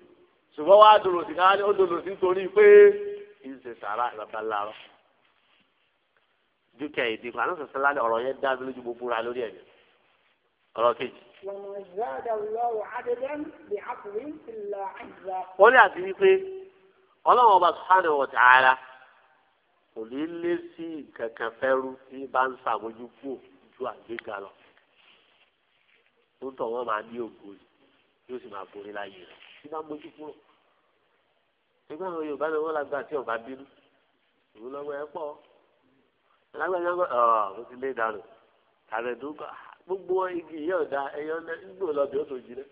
ṣùgbọ́n wàá dólo sí káwá ní ó dólo sí torí pé kì í ṣe sàrà lárọ́ dúkìá yìí dínkù àná sọ̀sẹ̀ lálẹ́ ọ̀rọ̀ yẹn dá mi lójú mo búra lórí ẹ̀mí ọ̀rọ̀ kejì. wọ́n ní àti wípé ọlọ́run ọba subhanahu wa ta'ala kò ní lé sí kankan fẹ́rú tí bá ń sàmójú kú ju àgbéga lọ tó ń tọ̀ wọ́n máa ní ògo yóò sì máa borí láyé rẹ̀ tí bá ń mójú kúrò àwọn Yorùbá ni wọ́n lágbá tí ọba bínú ìwúlọ́wọ́ ẹ pọ̀ lágbàjá gbọ́ ọ mo ti lé ìdánù ààrẹ dúkọ gbogbo igi yìí ọ̀dà ẹyọ nígbò lọ́bì ó tó jí lẹ́.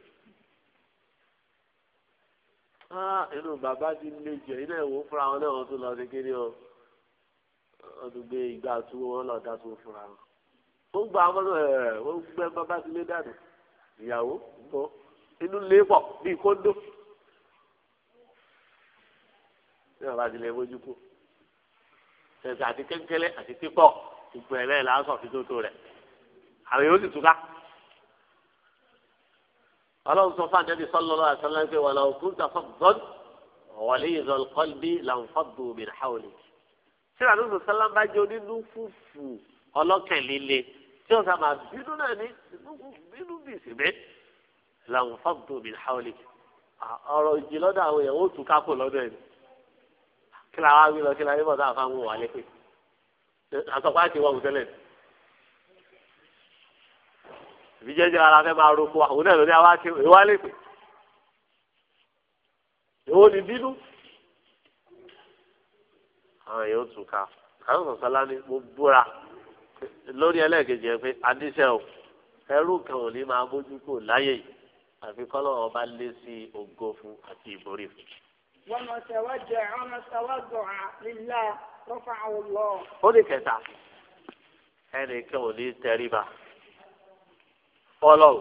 inú bàbá ti lé jẹ ilé ìwò fúnra wọn náà wọn tún lọ sí kiri o wọn tún gbé ìgbà tó wọn lọ dá tó fúnra wọn. ó gba ọmọ náà ẹ ó gbẹ bàbá ti lé dànù ìyàwó bọ inú lé pọ̀ bíi kóńdó. ní bàbá ti lé mójú kú tẹ̀sí àti kékeré àti pípọ̀ gbogbo ẹ̀ lẹ́yìn lásán fi tó tó rẹ̀ àwọn yóò sì túká. ọlọ́run sọ fún àjẹbí sallallahu alaihi wasallam pé walaw kunta faddan ghalizal qalbi lanfaddu min hawlik. síra ló sọ sọ́lá bá jẹ́ onínú fùfù ọlọ́kẹ̀ líle tí wọ́n sábà bínú náà ní bínú bìsì mẹ́ lanfaddu min hawlik. ọ̀rọ̀ ìjì àwọn èèyàn ó túká kò lọ́dọ̀ ẹ̀ kí la wá wí lọ kí la yíbọn sáà fáwọn wà lẹ́pẹ́ àtọ̀pá ti wọ̀ òtẹ́lẹ̀ ìbí jẹ́jẹ́ ara fẹ́ máa roko àwọn náà lórí àwa ti wá lẹ́pẹ́ èwo ni bínú àwọn èèyàn tún ká àwọn sọ̀sọ́lá ni mo búra lórí ẹlẹ́ẹ̀kejì ẹ pé adíṣẹ́ o ẹrú kan ò ní máa bójú kò láyè yìí àfi ọba lé sí ògo fún àti ìborí fún وما توجع وما توضع لله رفعه الله ó ní kẹta ẹnìkan ò ní tẹríba fọlọ́ọ̀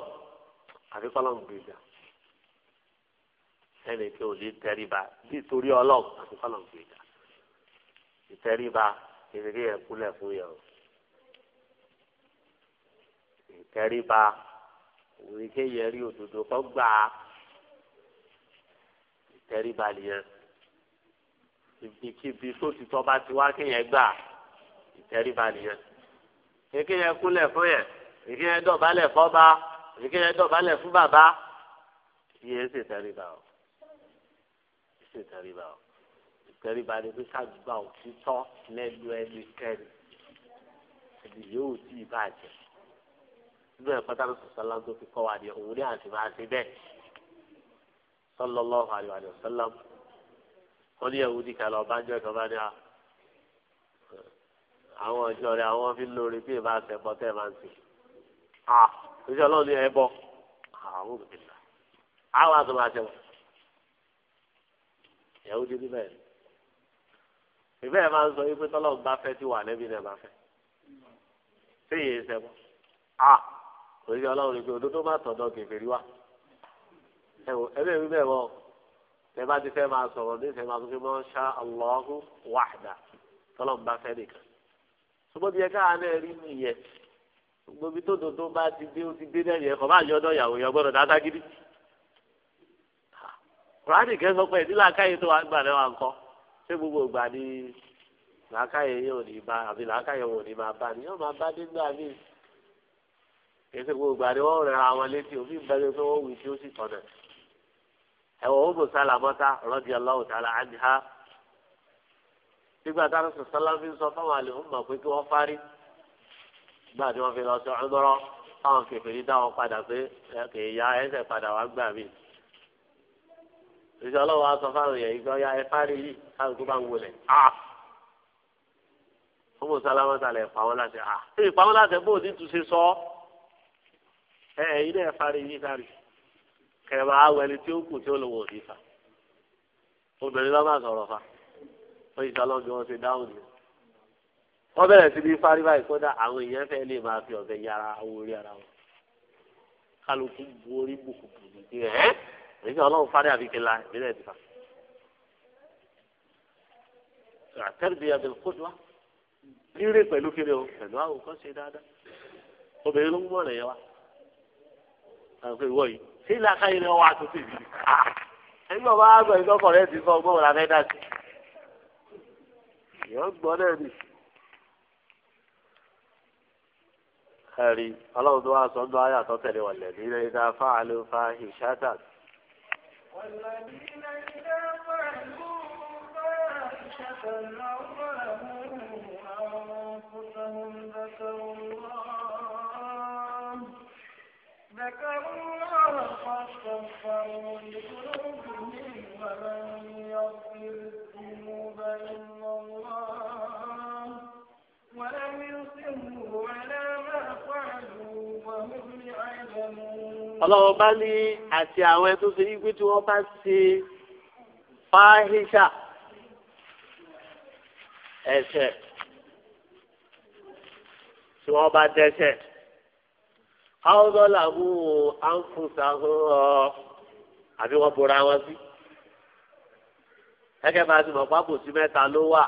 àbí fọlọ́ọ̀ gbèjà ẹnìkan ò ní tẹríba nítorí ọlọ́ọ̀ àbí fọlọ́ọ̀ gbèjà ìtẹríba ìrírí ẹ̀ kúlẹ̀ fún yẹn o ìtẹríba òun ni kéèyàn kọ́ gbà tẹrí balẹ̀ yẹn ibikíbi tó ti tọ́ bá ti wá kéèyàn gbà ìtẹrí balẹ̀ yẹn kéèyàn kúnlẹ̀ fún yẹn kéèyàn dọ̀bálẹ̀ fọ́ba kéèyàn dọ̀bálẹ̀ fún bàbá yìí ṣe tẹrí ba o ṣe tẹrí ba o ìtẹrí balẹ̀ pé ṣàdúgbà òtítọ́ lẹ́nu ẹnikẹ́ni ẹni yóò tí ì bàjẹ́ nínú ẹ̀kọ́ tá a lọ sọ̀tàn láńtó fi kọ́ wa ni òun ní àti máa ṣe bẹ́ẹ̀ sallallahu alayhi wa sallam wọ́n ní yahudi kalẹ̀ ọ̀bánjọ́ kan bá ní a àwọn ọjọ́ rẹ̀ àwọn fi ń lórí bí ìbá ṣe bọ́ tẹ́ ẹ̀ máa ń sìn à oṣù ọlọ́run ní ẹ bọ́ àwọn òbíkìlá àwọn àti máa ṣe wọ́n yahudi ní bẹ́ẹ̀ ìbẹ́ ẹ̀ máa ń sọ wípé tọ́lọ́run bá fẹ́ tí wà níbi náà bá fẹ́ ṣé ìyẹn ṣe bọ́ à oṣù ọlọ́run ní pé òdodo má tọ̀dọ̀ kẹfẹ́ rí wa ẹwọ ẹbẹ mi bẹ wọ ẹ bá ti fẹ́ máa sọ̀rọ̀ ní ìfẹ́ máa tó fi mọ ṣá Allahu wahda tọlọmùbá fẹ́ nìkan ṣùgbọ́n bí ẹ káà náà rí nìyẹn gbogbo ibi tó dodo bá ti dé ó ti dé náà yẹn kọ bá yọdọ ìyàwó yẹn gbọ́dọ̀ dáadáa gidi kùránì kẹsàn pé ìdílé akáyé tó wà gbà lẹ́wà ńkọ́ ṣé gbogbo ìgbà ni làákàyè yóò ní bá àbí làákàyè wò ní máa bá ni yóò máa bá nígbà míì kẹsàn gbogbo ìgbà ni wọ́n rẹ̀ àwọn létí òfin bẹ́ẹ̀ pé wọ́n wù tí ó sì tọ̀nà ewu ó gbòòsà làmọ́tà rọ́bì ọlọ́wọ́ tààlà àníhá nígbà táwọn sọ̀sọ́lá fi sọ fáwọn àlè pé kí wọ́n fárí gbà tí fi lọ sí ọ̀dọ́rọ́ táwọn padà pé ya ẹsẹ̀ padà wá gbà mí. ìṣọ́ ọlọ́wọ́ aṣọ fáwọn ya ẹ fárí yìí káwọn tó bá ń wọlé. fún mùsàlámọ́tà lẹ̀ láti láti bóòdì tún ṣe sọ fárí kẹrẹmà awọ ẹni tí ó kù tí ó lò wò sí fa obìnrin lọ́ máa sọ̀rọ̀ fa ó yìí sọlọ́ bí wọ́n ṣe dáhùn ni wọ́n bẹ̀rẹ̀ sí ní fáríwá ìkọ́dà àwọn èèyàn fẹ́ lè máa fi ọ̀bẹ yára owó orí ara wọn kálukú bu orí bùkùkù nìyí ẹ̀ èyí ọlọ́run fárí àbíkí la ìbílẹ̀ ti fa. àtẹ́rìbí abẹ́lé kódù wa rírè pẹ̀lú kiri o pẹ̀lú àwòkọ́ ṣe dáadáa obìnrin ló ń mọ̀ ṣé ìlàkà yìí ni wọ́n wà tó ti bì í. ẹgbẹ́ ọba àgbà ìdọ́kọ̀ rẹ ti sọ ọgbọ́n wọn lábẹ́ dà sí. ìyọ́ gbọ́ náà nì. ẹ̀rí ọlọ́run tó wá sọ ń lọ ayé àtọ́tẹ̀lé wọn lẹ̀ nílẹ̀ ìdá fáàlú fáàhì ṣáàtà. والذين إذا فعلوا قد كفروا لقلوبهم ومن يغفر الذنوب إلا الله ولم يصروا على ما فعلوا وهم يعلمون ọlọ́wọ́ bá ní àti àwọn ẹtún ṣe wípé tí wọ́n bá ṣe fáhíṣà ẹ̀ṣẹ̀ tí wọ́n bá dẹ́ṣẹ̀ àwòdọ́là mú àǹfùsà hàn àbí wọ́n bora wọn sí. gẹ́gẹ́ bá a ti mọ̀ pápò sí mẹ́ta ló wà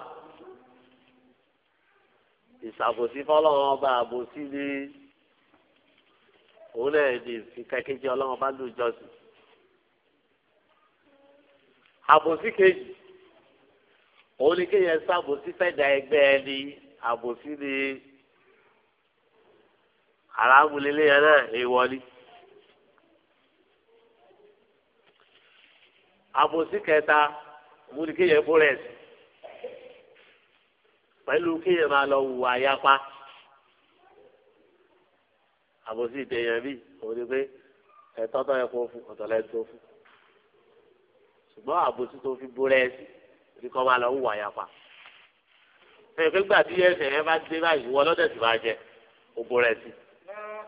ìṣàbòsí fọlọ́wọ́n ọba àbòsí ni òun náà ní ìfikẹ́kẹ́jì ọlọ́wọ́n bá lù jọ́sìn. àbòsí kejì òun ni kéèyàn ṣàbòsí fẹ́ẹ̀dá ẹgbẹ́ ẹni àbòsí ni aráàmù lélẹ̀ yẹn náà èèwọ̀ ni. àbòsí kẹta múni kéèyàn kó rẹ̀ sí pẹ̀lú kéèyàn máa lọ wù àyapa àbòsí ìdèyàn bíi òun ni pé ẹ̀tọ́ tó yẹ kó fún ọ̀tọ̀ lẹ́yìn tó fún ṣùgbọ́n àbòsí tó fi bó rẹ̀ kọ́ máa lọ wù àyapa ẹ̀yìn pé gbàdúyẹ̀ ẹ̀sẹ̀ yẹn bá dé báyìí wọ́n lọ́dẹ̀ sì máa jẹ ògbó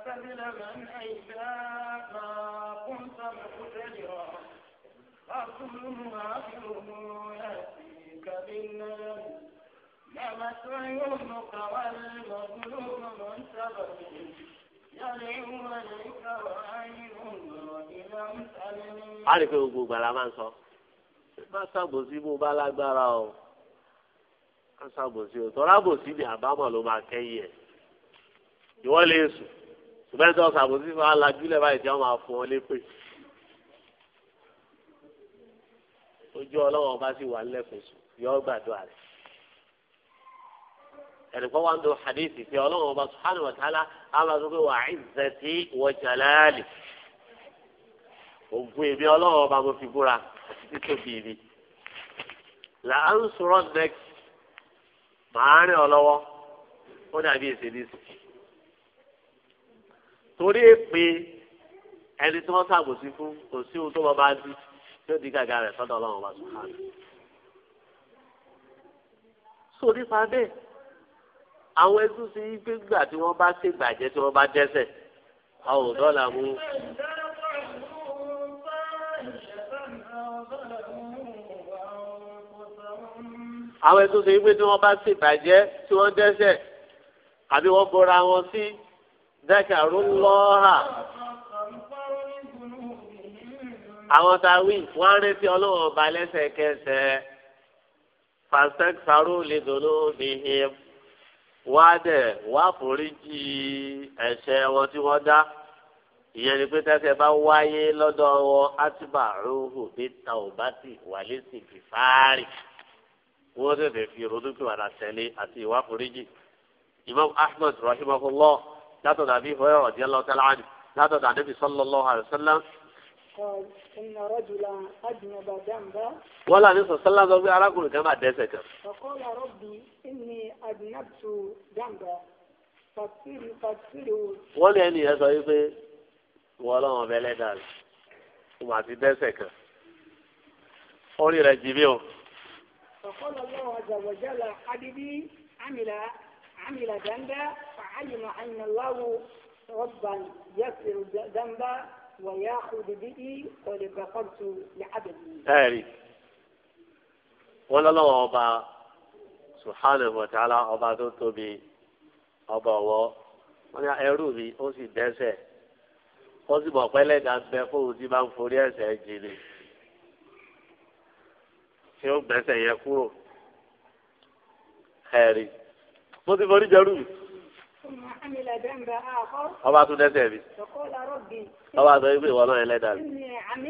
فمن من أيساء ما كنت مقتدرا فكل ما فيه يأتيك بالنجم لمس عيونك والمظلوم منتظر a lè fi gbogbo gbàrà máa sọ má ṣàbòsí mo bá lágbára o má ṣàbòsí o tọ́lá bòsí ni àbámọ̀ ló máa kẹ́yìn ẹ̀ ìwọ lè sùn ṣùgbọ́n tó ṣàbòsí fún alájúlẹ̀ báyìí tí wọ́n máa fún ọ lépè. ojú ọlọ́wọ́ bá sì wà lẹ́kùn sùn yọ gbàdúrà rẹ̀. ẹnìkan wá ń do hadithi pé ọlọ́wọ́ bá subhanahu wa ta'ala á máa sọ pé wà á ògùn èmi ọlọ́wọ́ bá mo fi búra àti títóbi mi. là á ń sọ̀rọ̀ nẹ́ẹ̀kì màá rìn ọ ó dàbí èsè ní sùn torí èpè ẹni tí wọ́n ṣàbòsí fún kò sí ohun tó wọ́n bá dí yóò di gàgà rẹ̀ sọ́dọ̀ ọlọ́run wa sùkàlù. sọ nípa bẹ́ẹ̀ àwọn ẹgbẹ́ sí gbégbà tí wọ́n bá ṣègbàjẹ́ tí wọ́n bá dẹ́sẹ̀ àwọn ò dọ́là mú. àwọn ẹgbẹ́ sí gbé tí wọ́n bá ṣègbàjẹ́ tí wọ́n dẹ́sẹ̀ àbí wọ́n bọra wọn sí. Si, dẹ́kẹ̀rú lọ́ha àwọn tá a wí wọ́n á rántí ọlọ́wọ́ ọba lẹ́sẹ̀kẹsẹ̀ fàṣẹ́kṣàrú lè dòdò bìhí wá dẹ̀ wá foríjì ẹ̀ṣẹ̀ wọn tí wọ́n dá ìyẹn ni pé tẹ́sẹ̀ bá wáyé lọ́dọ̀ wọn átìbà rúhù bí taobati wàlẹ́sì fìfáàrì wọ́n tẹ̀sẹ̀ fi ròdúkìwàdà tẹ̀lé àti ìwá foríjì Imam Ahmad rahimahullah látọ̀dọ̀ àbí ìfọyọ ọdí ọlọtẹlá àdì látọ̀dọ̀ àdébí sọlọlọ àrùsọlá. wọ́n là ní sọ̀sọ́lá sọ pé arákùnrin kan máa dẹ́sẹ̀ kan. ọ̀kọ́lá rọ́bì ẹni àdínàbùtù dàǹgà fàtírì fàtírì wò. wọ́n lé ẹni yẹn sọ wípé wọ́n lọ́wọ́ bẹ́ẹ̀ lẹ́dàá rẹ̀ kò máa ti dẹ́sẹ̀ kan. orí rẹ̀ jì mí o. ọ̀kọ́lá lọ́wọ́ àjàwọ̀jálà adébí àmìlà àmìlà dàǹgà علم أن الله ربا يغفر ذنبا ويأخذ به قد غفرت لعبدي. wọ́n lọ́wọ́ ọba subhanahu wa ta'ala أبا tó tóbi ọba ọ̀wọ́ wọ́n ní ẹrú mi ó sì dẹ́sẹ̀ ó sì mọ̀ pẹ́lẹ́ dà bẹ fóun tí máa ń forí ẹ̀ṣẹ̀ jìnnì tí ó gbẹ́sẹ̀ yẹ kúrò ẹ̀rí mo ti forí jẹ́rú mi. ọba tún dẹ́ṣẹ̀ bí ọba tún dẹ́ṣẹ̀ bí ìwọ náà ẹlẹ́dàá mi.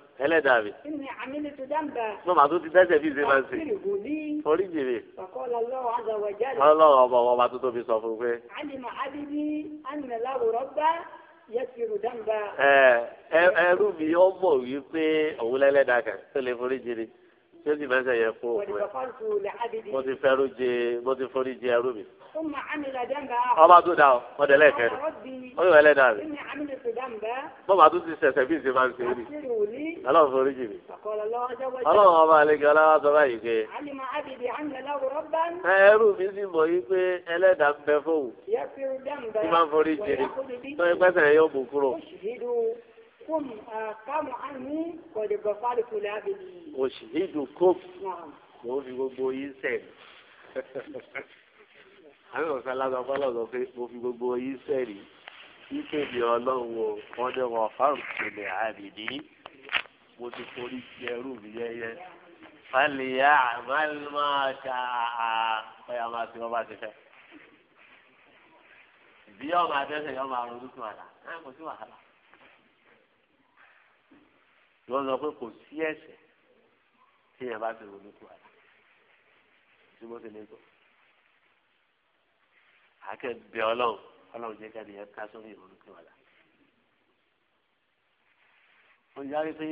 ẹlẹ́dàá mi. mo màá tún ti dẹ́sẹ̀ bí ṣe máa ń ṣe. orí jèrè. ọlọ́run ọba ọba tó tóbi sọ fún un pé. ẹrú mi ó mọ̀ wípé òun lẹ́lẹ́dàá kan tó lè forí jèrè tí ó sì máa ń ṣe yẹn fún òun. mo ti fẹ́rù jẹ mo ti forí jẹ ẹrú mi ọba tó dà ọ ọdẹ lẹkẹrẹ ọyọ ẹlẹdà rẹ bọba tó ti sẹsẹ bí ìṣe máa ń sẹrí Ọlọ́run forí jìnnì Ọlọ́run ọba àlejò ọlọwà sọ báyìí pé. ẹrú mi sì mọ̀ yí pé ẹlẹ́dà ń bẹ fóun tí máa ń forí jìnnì tó ẹ pẹ́sẹ̀ yóò mú kúrò. òṣìṣẹ́ ìdùn kóòpù ló fi gbogbo yín sẹ́yìn. àbí ọ̀sán lásán fọlọ́ sọ pé mo fi gbogbo yín sẹ́rí wípé mi ọlọ́run o wọ́n ní wọn fáwọn ìpìlẹ̀ àbìdí mo ti forí ti ẹrú mi yẹyẹ fàlìyà àmàlùmáṣà ọ̀yà máa ti wọ́n bá ti fẹ́. bí ọmọ adẹ́sẹ̀ yọ máa ronú sùn àlà náà kò sí wàhálà. wọ́n sọ pé kò sí ẹ̀ṣẹ̀ tí yẹn bá ti ronú sùn àlà tí mo akẹ́bẹ̀ ọlọ́run ọlọ́run jẹ́ ká nìyẹn ká sórí ìrònú pé wàlà. wọ́n yá wípé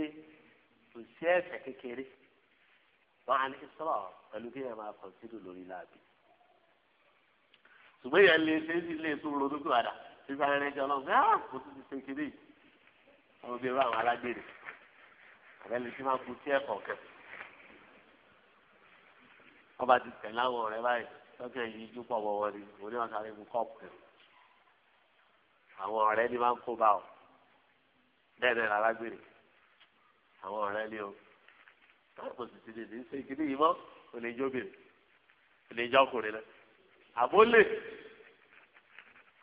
kò sí ẹ̀ṣẹ̀ kékeré wọ́n á ní sọ̀rọ̀ pẹ̀lú kí ẹ̀ máa kàn sílù lórí láàbì. ṣùgbọ́n ìyẹn lè ṣe é sì lè tún ronú pé wàlà fífa ẹrẹ́ jẹ́ ọlọ́run pé á kò tún ti ṣe kiri yìí. wọ́n bí irú àwọn alágbèrè àbẹ́lẹ́ tí máa kú sí ẹ̀kọ́ kẹ ọba ti tẹ̀ láwọn ọ̀rẹ́ báyìí lọ́kẹ́ yìí jú pọ̀ bọ̀wọ̀ ni òní wọn sáré mu kọ́ọ̀pù rẹ̀ àwọn ọ̀rẹ́ ni máa ń kó bá ọ bẹ́ẹ̀ bẹ́ẹ̀ lálágbèrè àwọn ọ̀rẹ́ ni o kò sì ti lè ní ṣe kí ní yìí mọ́ kò lè jóbìnrin kò lè jẹ́ ọkùnrin rẹ̀ àbólè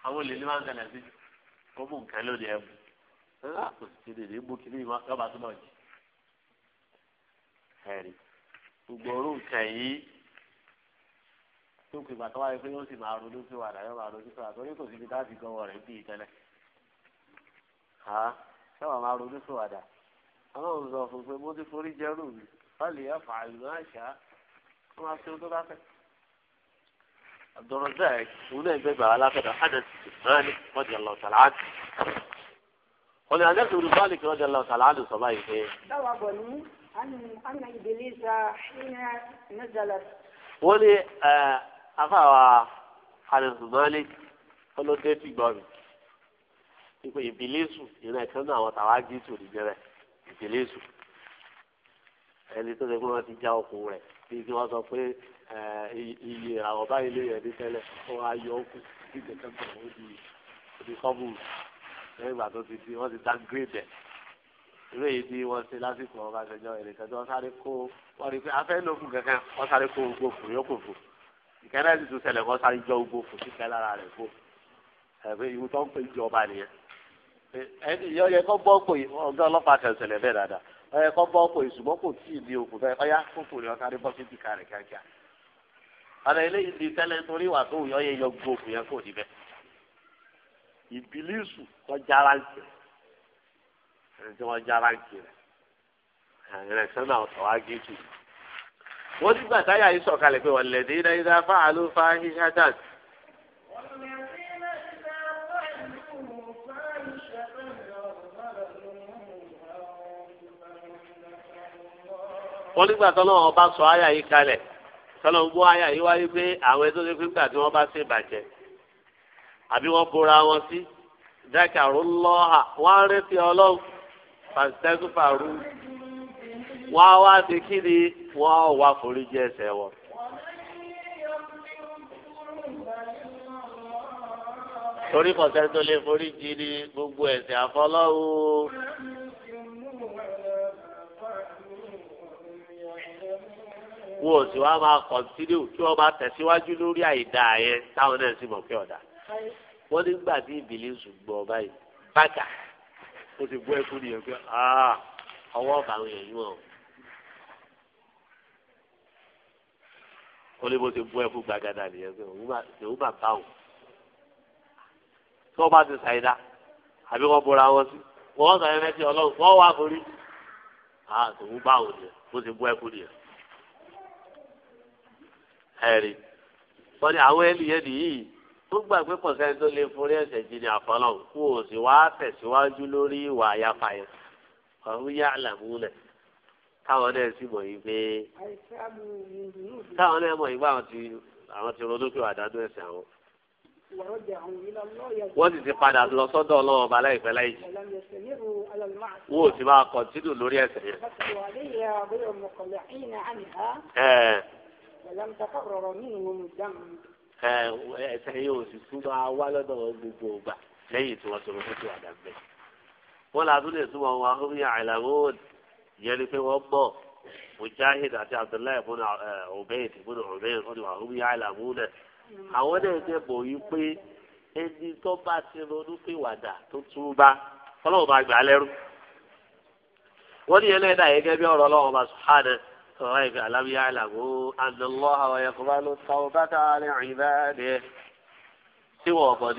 àwọn olè ní máa ń tẹ̀lé sí kó mú nǹkan lóde ẹ̀ mú kò sì ti lè ní mú kí ní yìí mọ́ yọba tó náà jì ẹ̀rí gbogbo orú yìí tó kù ìgbà tó wáyé pé yóò sì máa ronú sí wàdà yóò máa ronú sí wàdà torí kò síbi káàdì gọwọ rẹ bíi tẹ́lẹ̀ ha sábà máa ronú sí wàdà Ọlọ́run sọ fún pé mo ti forí jẹrù mi báyìí yà fà ìlú àṣà wọn máa ṣe tó bá fẹ́. Abdulrazak òun náà gbẹgbẹ àwọn alákọ̀dọ̀ Anas Mali rọjà lọ sàlá àti. Wọ́n ní Anas Mali rọjà lọ sàlá àti sọ Wọ́n ní afáwa alẹ́sùnmọ́lé ọlọ́dẹ ti gbọ́ mi ipò ìbílẹ̀sù ìrìn ẹ̀kan náà àwọn tàwa jíìtù nìjẹ́rẹ̀ ìbílẹ̀sù ẹni tó ṣe pé wọ́n ti já okùn rẹ̀ bí kí wọ́n sọ pé iye àwọn báyìí lè yẹ̀ ní tẹ́lẹ̀ ó wá yọ okùn bí kẹ̀kẹ́ bọ̀ ó di odi kọ́bù lẹ́yìn ìgbà tó ti di wọ́n ti dáńgírèdì ẹ̀ irú èyí tí wọ́n ṣe lásìkò ọba ṣẹjọ́ ẹnìkan tí wọ́n sáré kó wọ́n rí pé afẹ́ lókun kẹ̀kẹ́ wọ́n sáré kó gbogbo yókùn fún un ìkẹ́nẹ́ sì tún ṣẹlẹ̀ kọ́ sáré jọ gbogbo fò kíkẹ́ lára rẹ̀ fò ẹ̀fẹ́ ìwú tó ń pè ìjọba nìyẹn ọyẹ kọ́ bọ́ pé ọ̀gá ọlọ́pàá kan ṣẹlẹ̀ bẹ́ẹ̀ dáadáa ọyẹ kọ́ bọ́ pé ṣùgbọ́n kò tí ì di okùn fẹ́ ọyá kókò rẹ̀ ọ̀kárí bọ́ síbi ká rẹ̀ kíákíá ọ̀nà eléyìí ti tẹ́lẹ̀ torí wà tó ọyẹ yọ gbogbo okùn yẹn kò níbẹ̀ ìbílísù kọjá ránkì rẹ̀ ẹni wọ́n ti gbà táyà yìí sọ̀kalẹ̀ pé wọ́n lẹ̀dí iná iná fáàlú fáhí ṣáṣáṣ. wọ́n nígbà tó náà ọba sọ àyà yìí kalẹ̀ tọ́lọ́ ń gbọ́ àyà yìí wáyé pé àwọn ẹjọ́ pé nígbà tí wọ́n bá ṣe ìbàjẹ́ àbí wọ́n bora wọn sí dákàrú lọ́hà wọ́n á rántí ọlọ́run pàṣẹ tó fàrú wọ́n á wá ṣe kí ni wọ́n á wá foríjì ẹ̀ṣẹ̀ wọn. torí kọ̀sẹ́ tó lè foríjì ni gbogbo ẹ̀ṣẹ̀ àfọlọ́wọ́. wọn sì wá máa kọ̀ntínú kí wọ́n máa tẹ̀síwájú lórí àìdá yẹn táwọn náà sì mọ̀ pé ọ̀dà. wọ́n nígbà tí ìbílẹ̀ ṣùgbọ́n báyìí bákà ó ti bú ẹkún nìyẹn pé àwọn ah, ọ̀bà àwọn èèyàn yìí wọ̀n ó lé bó ṣe bú ẹ fún gbàgádà nìyẹn pé òun bá bá o tí wọ́n bá ti ṣàyẹ̀dá àbí wọ́n bóra wọn sí wọ́n sọ ẹ̀rẹ́ sí ọlọ́run wọ́n wá forí òun bá o nìyẹn bó ṣe bú ẹ fún nìyẹn. ẹ̀rí wọ́n ní àwọn ènìyàn nìyí tó gbàgbé pọ̀sẹ́ni tó lè forí ẹ̀sẹ̀ jì ní àfọlọ́hùn kú òsì wá tẹ̀síwájú lórí ìwà àyàfà ọ̀hún yà á làmúlẹ̀ táwọn náà sì mọ̀ yìí pé táwọn náà mọ̀ yìí pé àwọn ti àwọn ti àdádó ẹ̀sìn àwọn. wọ́n sì ti padà lọ sọ́dọ̀ ọlọ́run ọba láìpẹ́ láì jì. wọ́n ò sì máa kọ̀ntínù lórí ẹ̀sìn yẹn. ẹ̀sẹ̀ yìí ò sì tún máa wá lọ́dọ̀ gbogbo ògbà lẹ́yìn tí wọ́n ti ronú pé àdádó ẹ̀sìn. wọ́n làdúlẹ̀ túmọ̀ wọn àhóyè àìlàmóòdì. ìyẹn ni pé wọ́n mọ̀ mujahid àti abdullahi ibùn eh, ubayd ibùn ubayd ọdún àhùmí àìlàmúnẹ àwọn náà dẹ̀ mọ̀ pé ẹni tó bá ti ronú pé wàdà tó bá gbà lẹ́rú wọ́n ní ẹlẹ́dà yẹn gẹ́gẹ́ bí ọ̀rọ̀ bá sọ̀rọ̀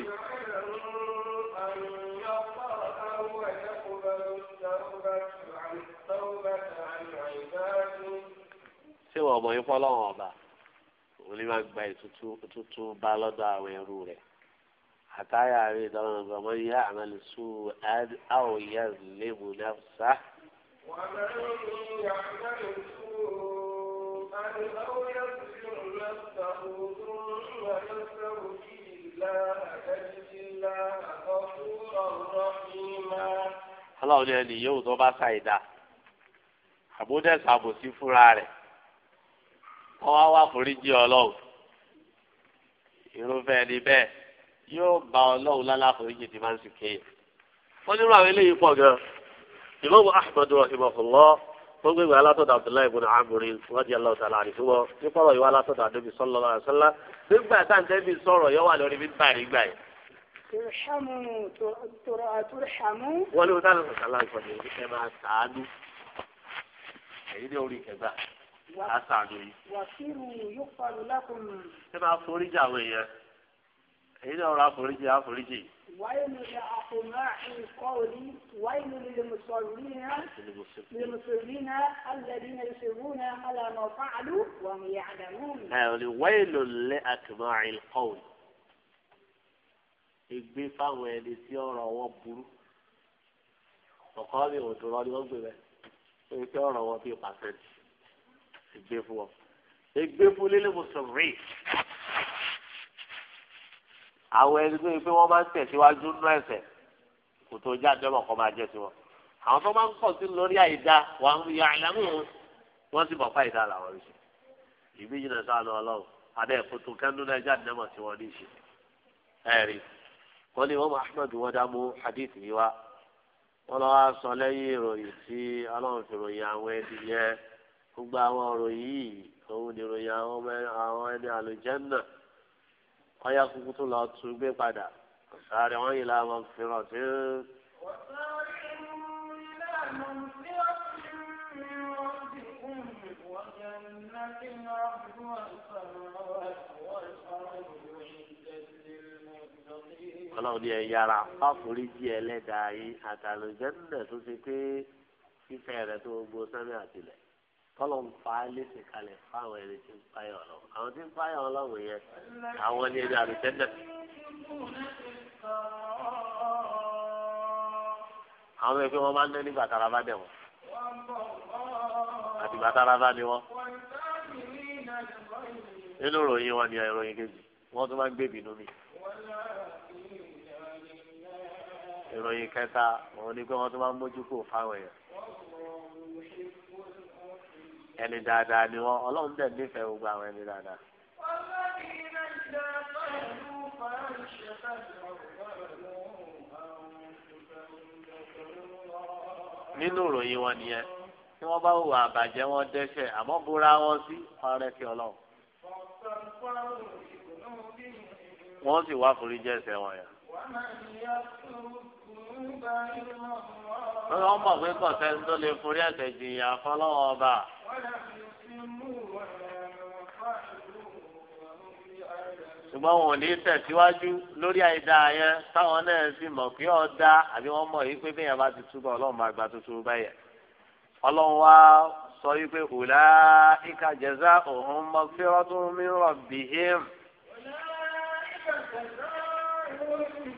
ṣé wọ́n mọ̀ yín fọlọ́wọ́n ọba òun ni máa gba ìtútù bá lọ́dọ̀ àwọn ẹrú rẹ̀ àtàyà rẹ̀ ìdáwọn ọgbà mọ́ yá àmàlẹ́ sù áwò yá lébù náà sá. Ọlọ́run ni ẹni yóò tó bá ṣàìdá àbúdẹ̀sàbòsí fúnra rẹ̀ wọ́n wá wá foríjì ọlọ́run irúfẹ́ ẹni bẹ́ẹ̀ yóò bá ọlọ́run lálá foríjì tí máa ń sì kéye. wọ́n nírú àwọn eléyìí pọ̀ gan-an ìmọ̀wò ahmed rahimahullah wọ́n gbé ìwé alátọ̀dọ̀ abdullahi ibùn amúrin rọ́jì aláwọ̀sálà àdìsúwọ́ nípa ọ̀rọ̀ ìwé alátọ̀dọ̀ àdóbi sọ́lọ́ lọ́wọ́ àṣálá nígbà tá à ń tẹ́bi sọ̀rọ̀ yọ wà lórí bí báyìí gbà yìí. wọ́n ní wọ́n sáré sọ̀tàlá ìfọ̀dé ẹ máa sàánú èyí ní orí kẹgbà àṣàánú yìí. wàṣírù yóò parọ́ lákùnrin. ṣé máa foríjì àwọn èèyàn èyí náà rà foríjì á foríjì. wáyé mi ni àkùnmá ìkọ́ òní wáyé mi ni lèmùsọ̀rì náà lèmùsọ̀rì náà alẹ́bí náà ìṣèlú náà alàmọ̀ fáàlú wọn yà àdàmú. ẹ ò ní wáyé ló lé àkùnmá ìkọ́ òní. ìgbé fáwọn ẹni tí ọ̀rọ̀ wọn burú ọ̀kọ́ mi ò dúró ni wọ́n gbé bẹ́ẹ̀ pé ọ̀rọ̀ wọn bí pàṣẹ ìgbé fún ọ ìgbé fún lílé mùsùlùmí àwọn ẹni tó yẹ pé wọn máa ń tẹ̀síwájú nínú ẹsẹ̀ kò tó jáde ọmọ kan máa jẹ sí wọn àwọn tó máa ń kọ̀ sí lórí àìda wà ń ya ìlànà wọn sì mọ̀ fún àìda làwọn rí sí ìbí jìnnà sáà lọ ọlọ́run abẹ́ ìkótó kẹ́ńdú náà jáde náà sí wọn ní ìṣe ẹ̀rí wọn ni wọn Ahmed wọn dá mú hadith yìí wá wọn lọ wá sọ lẹ́yìn ìròyìn tí ọlọ́run fi ròyìn àwọn ẹni yẹn gbogbo àwọn ọ̀rọ̀ yìí òun ni ìròyìn àwọn ọmọ àwọn ẹni àlùjẹ́nà ọyá kúkú tó lọ tún gbé padà sáré wọn yìí láwọn ọmọ fìràn tí. ọlọ́run ní ẹ̀yára fáforíjì ẹlẹ́dàá yìí àtàlùjẹ́nà tó ṣe pé fífẹ́ rẹ̀ tó gbó sẹ́mi àtìlẹ̀ tọ́lọ̀ ń pa léṣe kalẹ̀ fáwọn ẹni tí ń páyọ̀ lọ àwọn tí ń páyọ̀ ọlọ́run yẹn àwọn ni ẹni àlùtẹ́lẹ̀. àwọn ẹgbẹ́ wọn máa ń lé nígbà tára bá dẹ̀ wọ́n àti bàtà ni wọ́n nínú ìròyìn wọn ni ìròyìn kejì wọ́n tún máa ń gbé ìbínú mi ìròyìn kẹta òun ni pé wọ́n tún máa ń mójú kó fáwọn èèyàn ẹni dáadáa ni wọn ọlọ́run dẹ̀ nífẹ̀ẹ́ gbogbo àwọn ẹni dáadáa. nínú ìròyìn wọn nìyẹn tí wọ́n bá hùwà àbàjẹ́ wọn dẹ́ṣẹ̀ àmọ́ búra wọn sí ọrẹ kí ọlọ́run. wọ́n sì wá forí wọn yẹn. lọ́wọ́ ọmọ pé kọ̀tẹ́ tó lè forí àtẹ̀jìyà fọlọ́wọ́ ọba. ṣùgbọ́n wọn ò ní tẹ̀síwájú lórí àìdá yẹn táwọn náà sì mọ̀ pé ọ̀dà àbí wọ́n mọ̀ yìí pé bẹ́ẹ̀ bá ti túbọ̀ ọlọ́run sọ yìí pé òun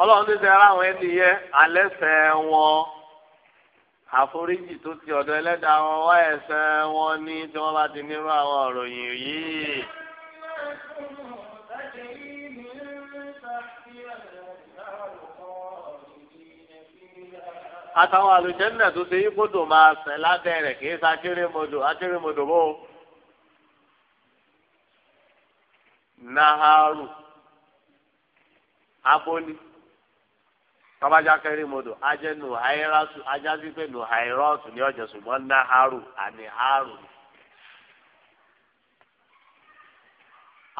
ọlọ́run ti sẹ́ra àwọn ẹni yẹ alẹ́ sẹ́ wọn àforíjì tó ti ọ̀dọ̀ ẹlẹ́dàá wọn wá ẹ̀ṣẹ̀ wọn ní tí wọ́n bá ti nírú àwọn òròyìn yìí. àtàwọn tó ṣe ibodò máa sẹ̀ lábẹ́ rẹ̀ aboli tọ́bajá kẹrin mọ́tò ajẹ́ nù hairọ́ọ̀tù ajá sí pé nù hairọ́ọ̀tù ní ọ̀jọ̀ ṣùgbọ́n náhàrù àní hàrù.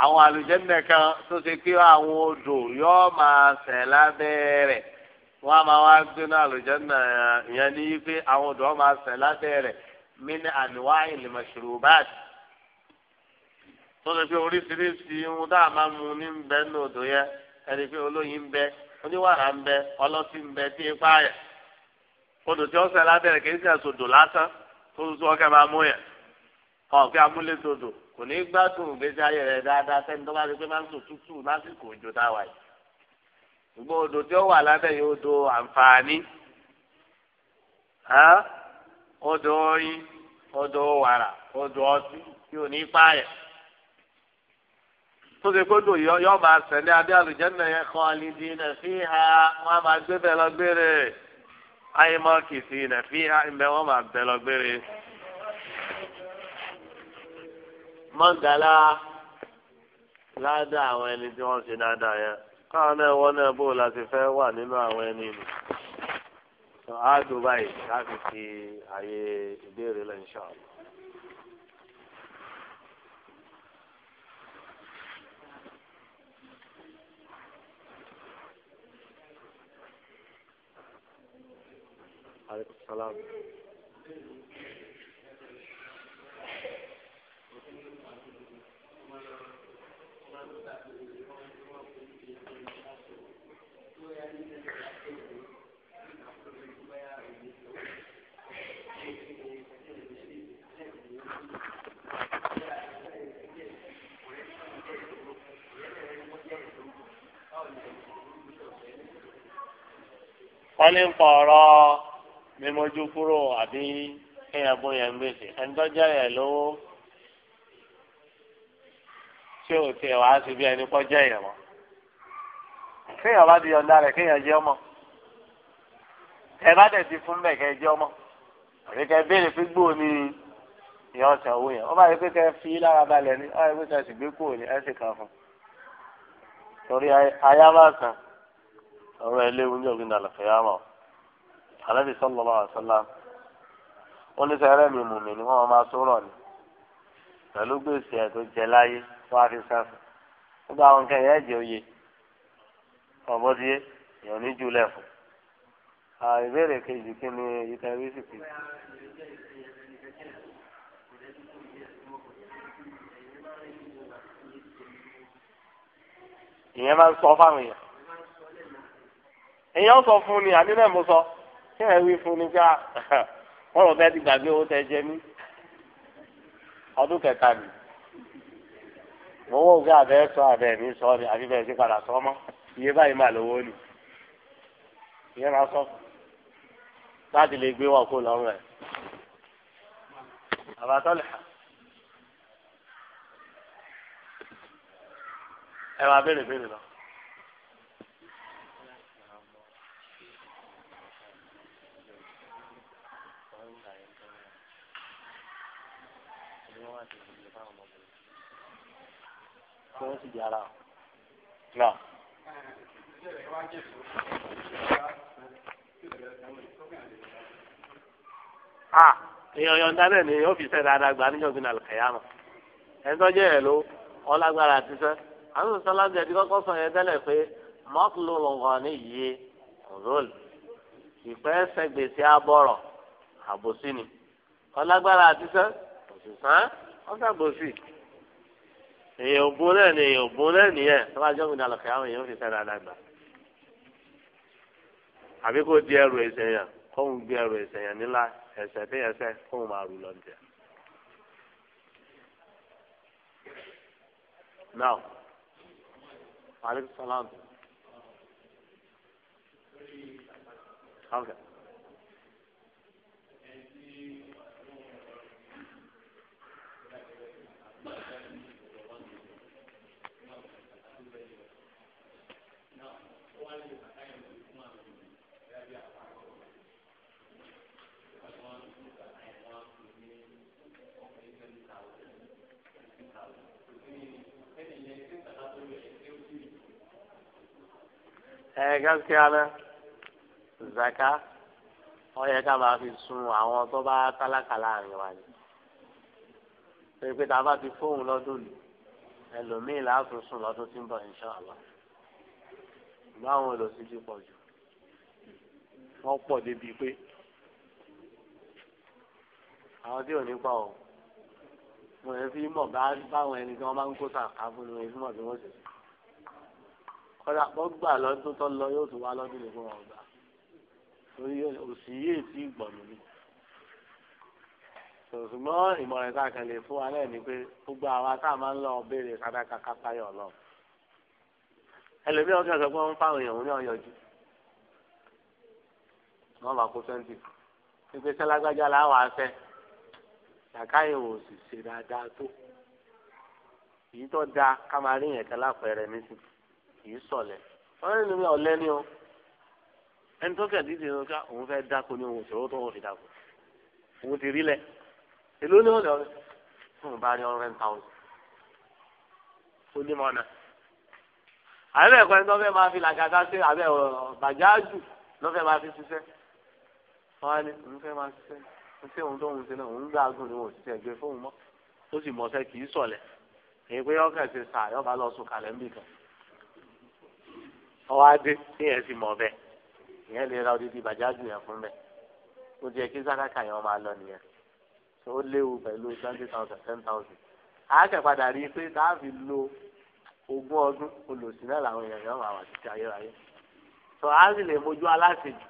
àwọn àlùjẹ́nẹ̀ kan tó ṣe pé àwọn odò yóò máa ṣẹ̀ lábẹ́ wọ́n á máa wá gbéná àlùjẹ́nẹ̀ yẹn ní pé àwọn odò máa ṣẹ̀ lábẹ́ rẹ̀ a máa ẹni fi olóyin ń bẹ oníwàrà ń bẹ ọlọ́sí ń bẹ tí ń pààyà odò tí ó sẹ lábẹ́rẹ̀ kì í sẹ̀ sòdò lásán tó máa mú yẹn kò ní gbádùn ìgbésí ayé rẹ̀ dáadáa sẹ́ni tó bá pé máa ń sò tútù lásìkò òjò táwa yìí ṣùgbọ́n odò tí wà tó ṣe kó dùn yọ yọ máa sẹ̀lé adé àlùjẹ́nà yẹn kan àlìdí nà fi ha wọ́n á máa gbé bẹ́ẹ̀ lọ gbére ayé mọ́ kìsì nà fi ha ìbẹ́ wọ́n máa bẹ́ẹ̀ lọ gbére. mọ́ngàlá ládàá àwọn ẹni tí wọ́n ṣe dáadáa yẹn káwọn náà wọ́n náà bò láti fẹ́ wà nínú àwọn ẹni nì. àádùn báyìí láti fi àyè ìbéèrè lẹ́yìn ṣáà. Aleykum wọ́n ní ń pọ̀ ọ̀rọ̀ mímọ́jú kúrò àbí kéèyàn bó yẹn ń gbèsè ẹni tó jẹ́ yẹn lówó tí ò tiẹ̀ wá sí bí ẹni kọ́ jẹ́ yẹn mọ́ kéèyàn bá di ọ̀dà rẹ̀ kéèyàn jẹ́ ọmọ ẹ bá dẹ̀ ti fún bẹ́ẹ̀ kẹ́ jẹ́ ọmọ àbí kẹ́ béèrè fún gbòó ni ìyá ọ̀sẹ̀ owó yẹn wọ́n bá yẹ pé kẹ́ fi lára balẹ̀ ni wọ́n yẹ pé kẹ́ sì gbé kúrò ní ẹ̀sìn kan fún torí ayá máa sàn ọ̀rọ̀ ẹ léwu ní ògùn dàlọ́ fẹ́ yá mọ́ alábi sallallahu alaihi wasallam ó ní sẹrẹ mi mú mi ni wọn máa sọ̀rọ̀ ni pẹ̀lú gbèsè ẹ tó jẹ láyé wọn á fi sẹfún nígbà àwọn nǹkan yẹn jẹ òye ọbọdíyé èèyàn ìbéèrè kejì kí ni ìtẹ̀wé sì kejì. ìyẹn máa ń sọ fáwọn èèyàn èèyàn sọ fún ni àní náà mo sọ ṣé ẹ wí fún mi ká ah, wọ́n rọ̀ bẹ́ẹ̀ ti gbàgbé owó tẹ jẹ mí ọdún kẹta ni mo wọ́n gbé abẹ́ sọ abẹ́ mi sọ ni àbí bẹ́ẹ̀ ṣe padà sọ mọ́ iye báyìí mà lówó ni ìyẹn máa sọ láti lè gbé wọn kó lọ́rùn ẹ̀ àbátọ́lẹ̀ ẹ máa béèrè béèrè lọ. tí wọ́n sì di ara o. Náà. a èèyàn yọ̀ǹda bẹ́ẹ̀ ni yóò fi sẹ́ dáadáa gbà níjọ́ gbin àlùkàyà mọ̀ ẹni tó jẹ́ ẹ̀ ló ọlágbára àti sẹ́ àwọn sọ́lá jẹ́ ti kọ́kọ́ sọ yẹn tẹ́lẹ̀ pé mọ́tòló lọ́ngàn ní yìí rọ́ọ̀lù ìpẹ́ sẹ́gbèsè abọ́rọ̀ àbòsí ni ọlágbára àti sẹ́ òṣìṣàn wọ́n sàbòsì èèyàn òbó náà ni èèyàn òbó náà nìyẹn tó bá jọ́ gbìdá lọ́kẹ́ àwọn èèyàn fi sẹ́dá dàgbà àbí kò di ẹrù ẹ̀ṣẹ̀ yẹn kóun gbé ẹrù ẹ̀ṣẹ̀ yẹn nílá ẹ̀ṣẹ̀ tí yẹn ṣẹ̀ kóun máa rù lọ́ntẹ̀. now aleykum salaam. Okay. ẹ gaskiya náà zaka wọn yẹ ká máa fi sun àwọn tó bá tálákà láàrin wa ni pé pé tá a bá ti fóun lọ́dún ni ẹlòmíì láàfin sùn lọ́dún tí ń bọ̀ inṣàlá ìgbà àwọn olùsí ti pọ̀ jù wọ́n pọ̀ débi pé àwọn tí ò ní pa ọ́ wọ́n yẹ fi mọ̀ báwọn ẹni tí wọ́n bá ń kó sàkáfún ni wọ́n yẹ fi mọ̀ bí wọ́n ṣe sùn kọ́dà kọ́ gbà lọ́dún tó lọ yóò tún wá lọ́dún lè fún ọgbà torí òsì yìí tí gbọ̀nù ni ṣùgbọ́n ìmọ̀ràn tá a kàn lè fún wa náà ni pé gbogbo àwa tá a máa ń lọ béèrè sádáka kápáyọ̀ lọ ẹlòmíràn kẹsàn-án pé wọ́n ń fáwọn èèyàn ní ọ̀yọ́jú wọ́n bá kó twenty pípé sẹ́lágbájá làwọn afẹ́ làkàyè ò sì ṣe dáadáa tó èyí tó dáa ká máa rí yẹn kẹ́lá kì í sọ̀lẹ̀ wọ́n ní nínú ọ̀lẹ́ ni o ẹni tó kẹ̀dí ti nǹkan òun fẹ́ dáko ní òun ìṣòro tó wọ́n fi dáko òun ti rí lẹ̀ èló ni ọ̀lẹ́ ọ̀lẹ́ fún un bá rí ọ̀rẹ́ ń ta ọ̀lẹ́ ní mọ́ náà àbẹ̀ ẹ̀kọ́ ẹni tó fẹ́ máa fi làkàtà sí àbẹ̀ bàjáàjù ló fẹ́ máa fi ṣiṣẹ́ wọ́n á ní òun fẹ́ máa ṣiṣẹ́ ní sí òun tó ń ṣe náà òun gbà gùn ni wọn ò ṣiṣẹ́ gbé fóun mọ́ ó sì mọ̀ ọ́sẹ́ kì í sọ̀lẹ̀ èyí pé ọkàn ti sà yọba lọ sùn kalẹ̀ ń kan ọwọ́ adé téèyàn sì mọ̀ bẹ́ẹ̀ ìyẹn lè ra odidi bàjájú yẹn fún bẹ́ẹ̀ ó jẹ́ kí zákàkà yẹn máa lọ nìyẹn tó ó léwu pẹ̀lú twenty thousand ten thousand àákẹ́padà rí i pé táàbì lo ogún ọdún olùsìn náà làwọn èèyàn yẹn máa wà títí ayérayé tó a sì lè mójú aláṣejù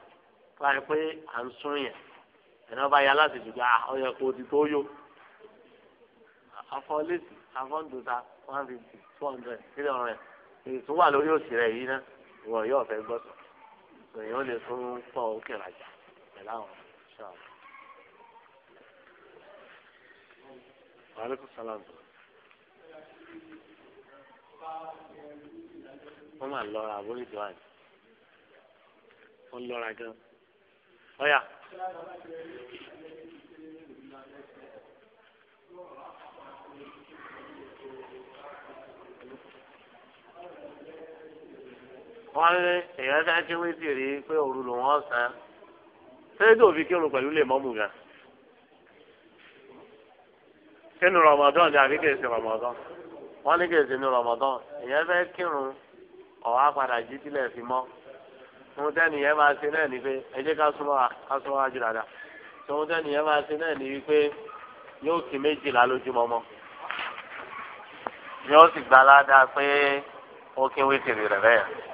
fáyẹ pé à ń sún yẹn ẹ̀nà bá yẹ aláṣejù pé à ọ yẹ kó di tó yó afọ lẹ́sì afọ ń dòta one fifty two hundred three hundred èyí tó wà lórí òsì rẹ̀ yìí náà ìwọ yóò fẹ́ gbọ́ sọ èèyàn lè tún pọ̀ òkè rajà pẹ̀lú àwọn ṣọ́ọ̀bù. Aleykum Wọ́n máa lọ́ra àbórí ìjọ àná. Wọ́n lọ́ra gan. Ọ̀yà wọ́n ní èèyàn fẹ́ kí wọ́n sì rí pé òru ló wọ́n san ṣé tó fi kírun pẹ̀lú lè mọ́mù gan. kínú rọmọdán ni àbí kèsì rọmọdán wọ́n ní kèsì ní rọmọdán èèyàn fẹ́ kírun ọ̀wá padà jí sílẹ̀ fi mọ́ ohun tẹ́ni yẹn máa ṣe náà ni pé ẹ jẹ́ ká súnmọ́ wa ká súnmọ́ wa jù dáadáa ohun tẹ́ni yẹn máa ṣe náà ni wípé yóò kí méjìlá lójúmọ́mọ́ yóò sì gbalá dáa pé ó kí wíṣìrì rẹ̀ bẹ́ẹ̀.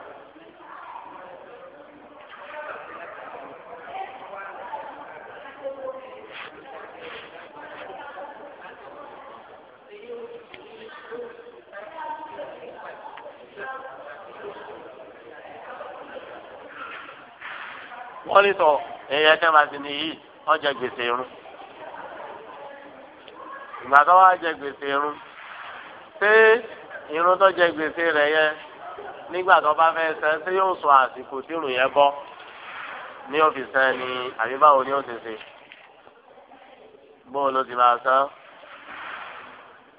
wọ́n ní sọ ẹ̀yẹ tẹ́ máa ti ní yìí wọ́n jẹ gbèsè irun ìgbà tó wá jẹ gbèsè irun ṣé irun tó jẹ gbèsè rẹ̀ yẹ nígbà tó bá fẹ́ sẹ́ ṣé yóò sọ àsìkò tí irun yẹn bọ́ ní ọ́fíìsì náà ni àbí báwo ni ó ti ṣe bóun ló ti máa san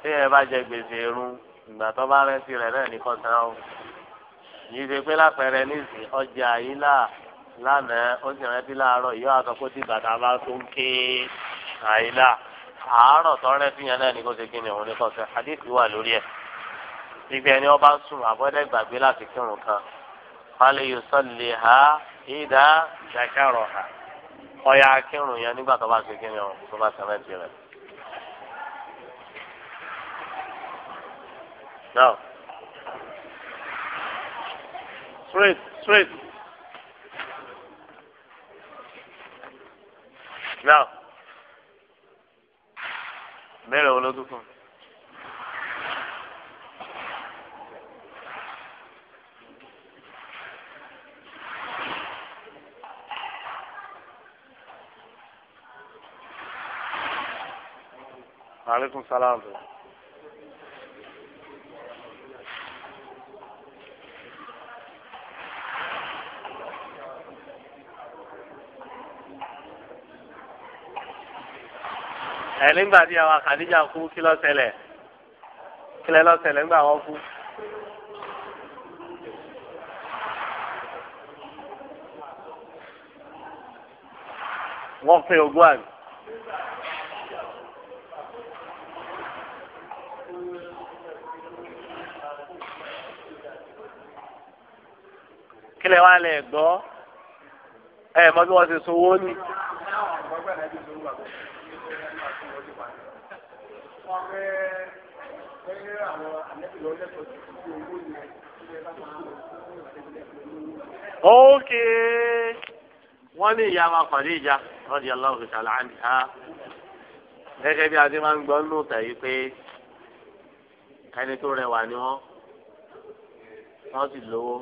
tí ẹ bá jẹ gbèsè irun ìgbà tó bá rántí rẹ̀ náà ní kọ́sán o yìí ṣe pé lápẹẹrẹ nísìnyí ọjà yìí láà lánàá ó sì rántí láàárọ̀ yóò àtọ́ kó tí bàtà bá tó ń ké àìlà àárọ̀ tọrẹ fi yàn náà ní kó ṣe kí ni òun ní kọsẹ̀ hadith wà lórí ẹ̀ ibi ẹni ọba sùn àbọ̀dẹ́ gbàgbé láti kírun kan wálé yóò sọ̀lì ha ìdá ìdákẹ́rọ̀ ha ọ̀yà kírun yẹn nígbà tó bá ṣe kí ni òun tó bá ṣe rántí rẹ̀. straight, straight. náà bẹ́ẹ̀rẹ̀ wọn ló tún fún. aleykum salaam. ẹ nígbà tí àwọn àkàdíjà kú kí ló ṣẹlẹ̀ kí lẹ ló ṣẹlẹ̀ nígbà wọn kú. wọ́n fẹ́ ogún àmì. kílẹ̀ wa lẹ̀ gbọ́ ẹ̀ mọ bí wọ́n ti sunwó ni. ókè wọ́n ní ìyá wa Khadija radiyallahu ta'ala anha gẹ́gẹ́ bí adé máa ń gbọ́ nù tàyí pé ẹni tó rẹwà ni wọ́n wọ́n sì lówó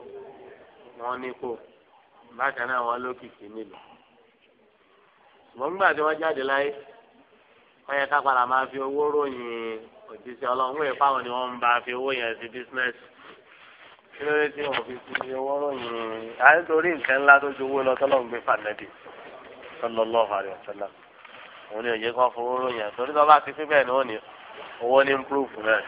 wọ́n nípò bákan náà wọ́n lókìkí nílùú ṣùgbọ́n nígbà tí wọ́n jáde láyé wọ́n yẹ ká padà máa fi owó ròyìn òjíṣẹ́ ọlọ́run wọ́n fáwọn ni wọ́n ń bá fi owó yẹn sí bísínẹ́sì kí ló dé tí wọ́n fi fi owó ròyìn à nǹkan ńlá tó ju owó lọ tọ́lọ́run gbé fànẹ́bì sallallahu alaihi wasallam òun ni òye kan fowó ròyìn àtòrí tó bá ti fi bẹ́ẹ̀ ni wọ́n ní owó ní improve náà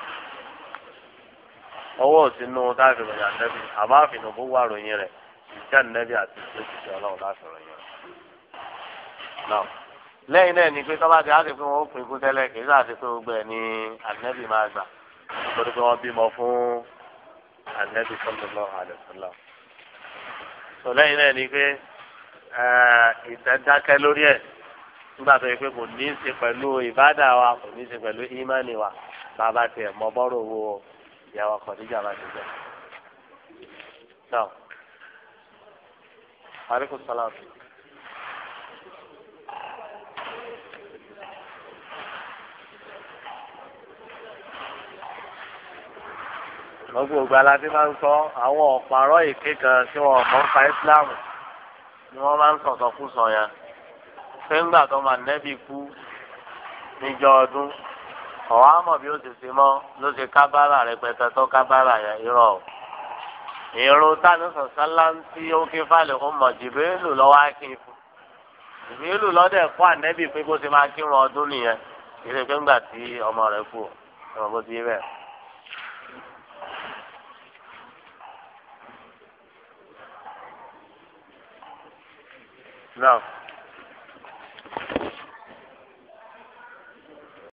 owó òsì táàfin ròyìn àtẹ́bí àmọ́ àfin òbó wà ròyìn rẹ̀ ìjà nẹ́bí àti ìjọ́ òjíṣẹ́ ọlọ́run láti ròyìn rẹ̀ náà lẹ́yìn náà ni pé tọ́ba ti á ti fún wọn ó pin ikú tẹ́lẹ̀ kì í sáà ti pé gbogbo ẹ̀ ní ànẹ́bì máa gbà nítorí pé wọ́n bímọ fún ànẹ́bì sọ́lọ́lọ́ àdẹ̀sọ́lọ́. sọ lẹ́yìn náà ni pé eh, ìdákẹ́ lórí ẹ̀ nígbà tó yẹ pé kò ní í ṣe pẹ̀lú ìbádà wa kò ní í ṣe pẹ̀lú ìmánì wa bá a bá tiẹ̀ mọ bọ́rọ̀ owó ìyàwó kọ̀díjà bá ti jẹ́. lọ́gbọ̀n ògbà aládé máa ń sọ àwọn ọ̀pàrọ̀ èké kan tí wọn kàn ń fa Islam ni wọ́n máa ń sọ̀sọ̀kúsọ yẹn fẹ́ngbà tó máa nẹ́bí kú níjọ ọdún ọ̀wá mọ̀ bí ó ti ṣe mọ́ ló ṣe kábàrà rẹpẹtẹ tó kábàrà yẹn irọ́ o tani sọ̀sálá ń tí falẹ̀ ó mọ̀ jìbìrìlù lọ́wọ́ akin fún jìbìrìlù lọ́dẹ̀ kó ànẹ́bí pé kó ṣe máa kírun ọdún nìyẹn ìrèké ńgbà tí ọmọ rẹ̀ kú ọmọ bó ti yé No.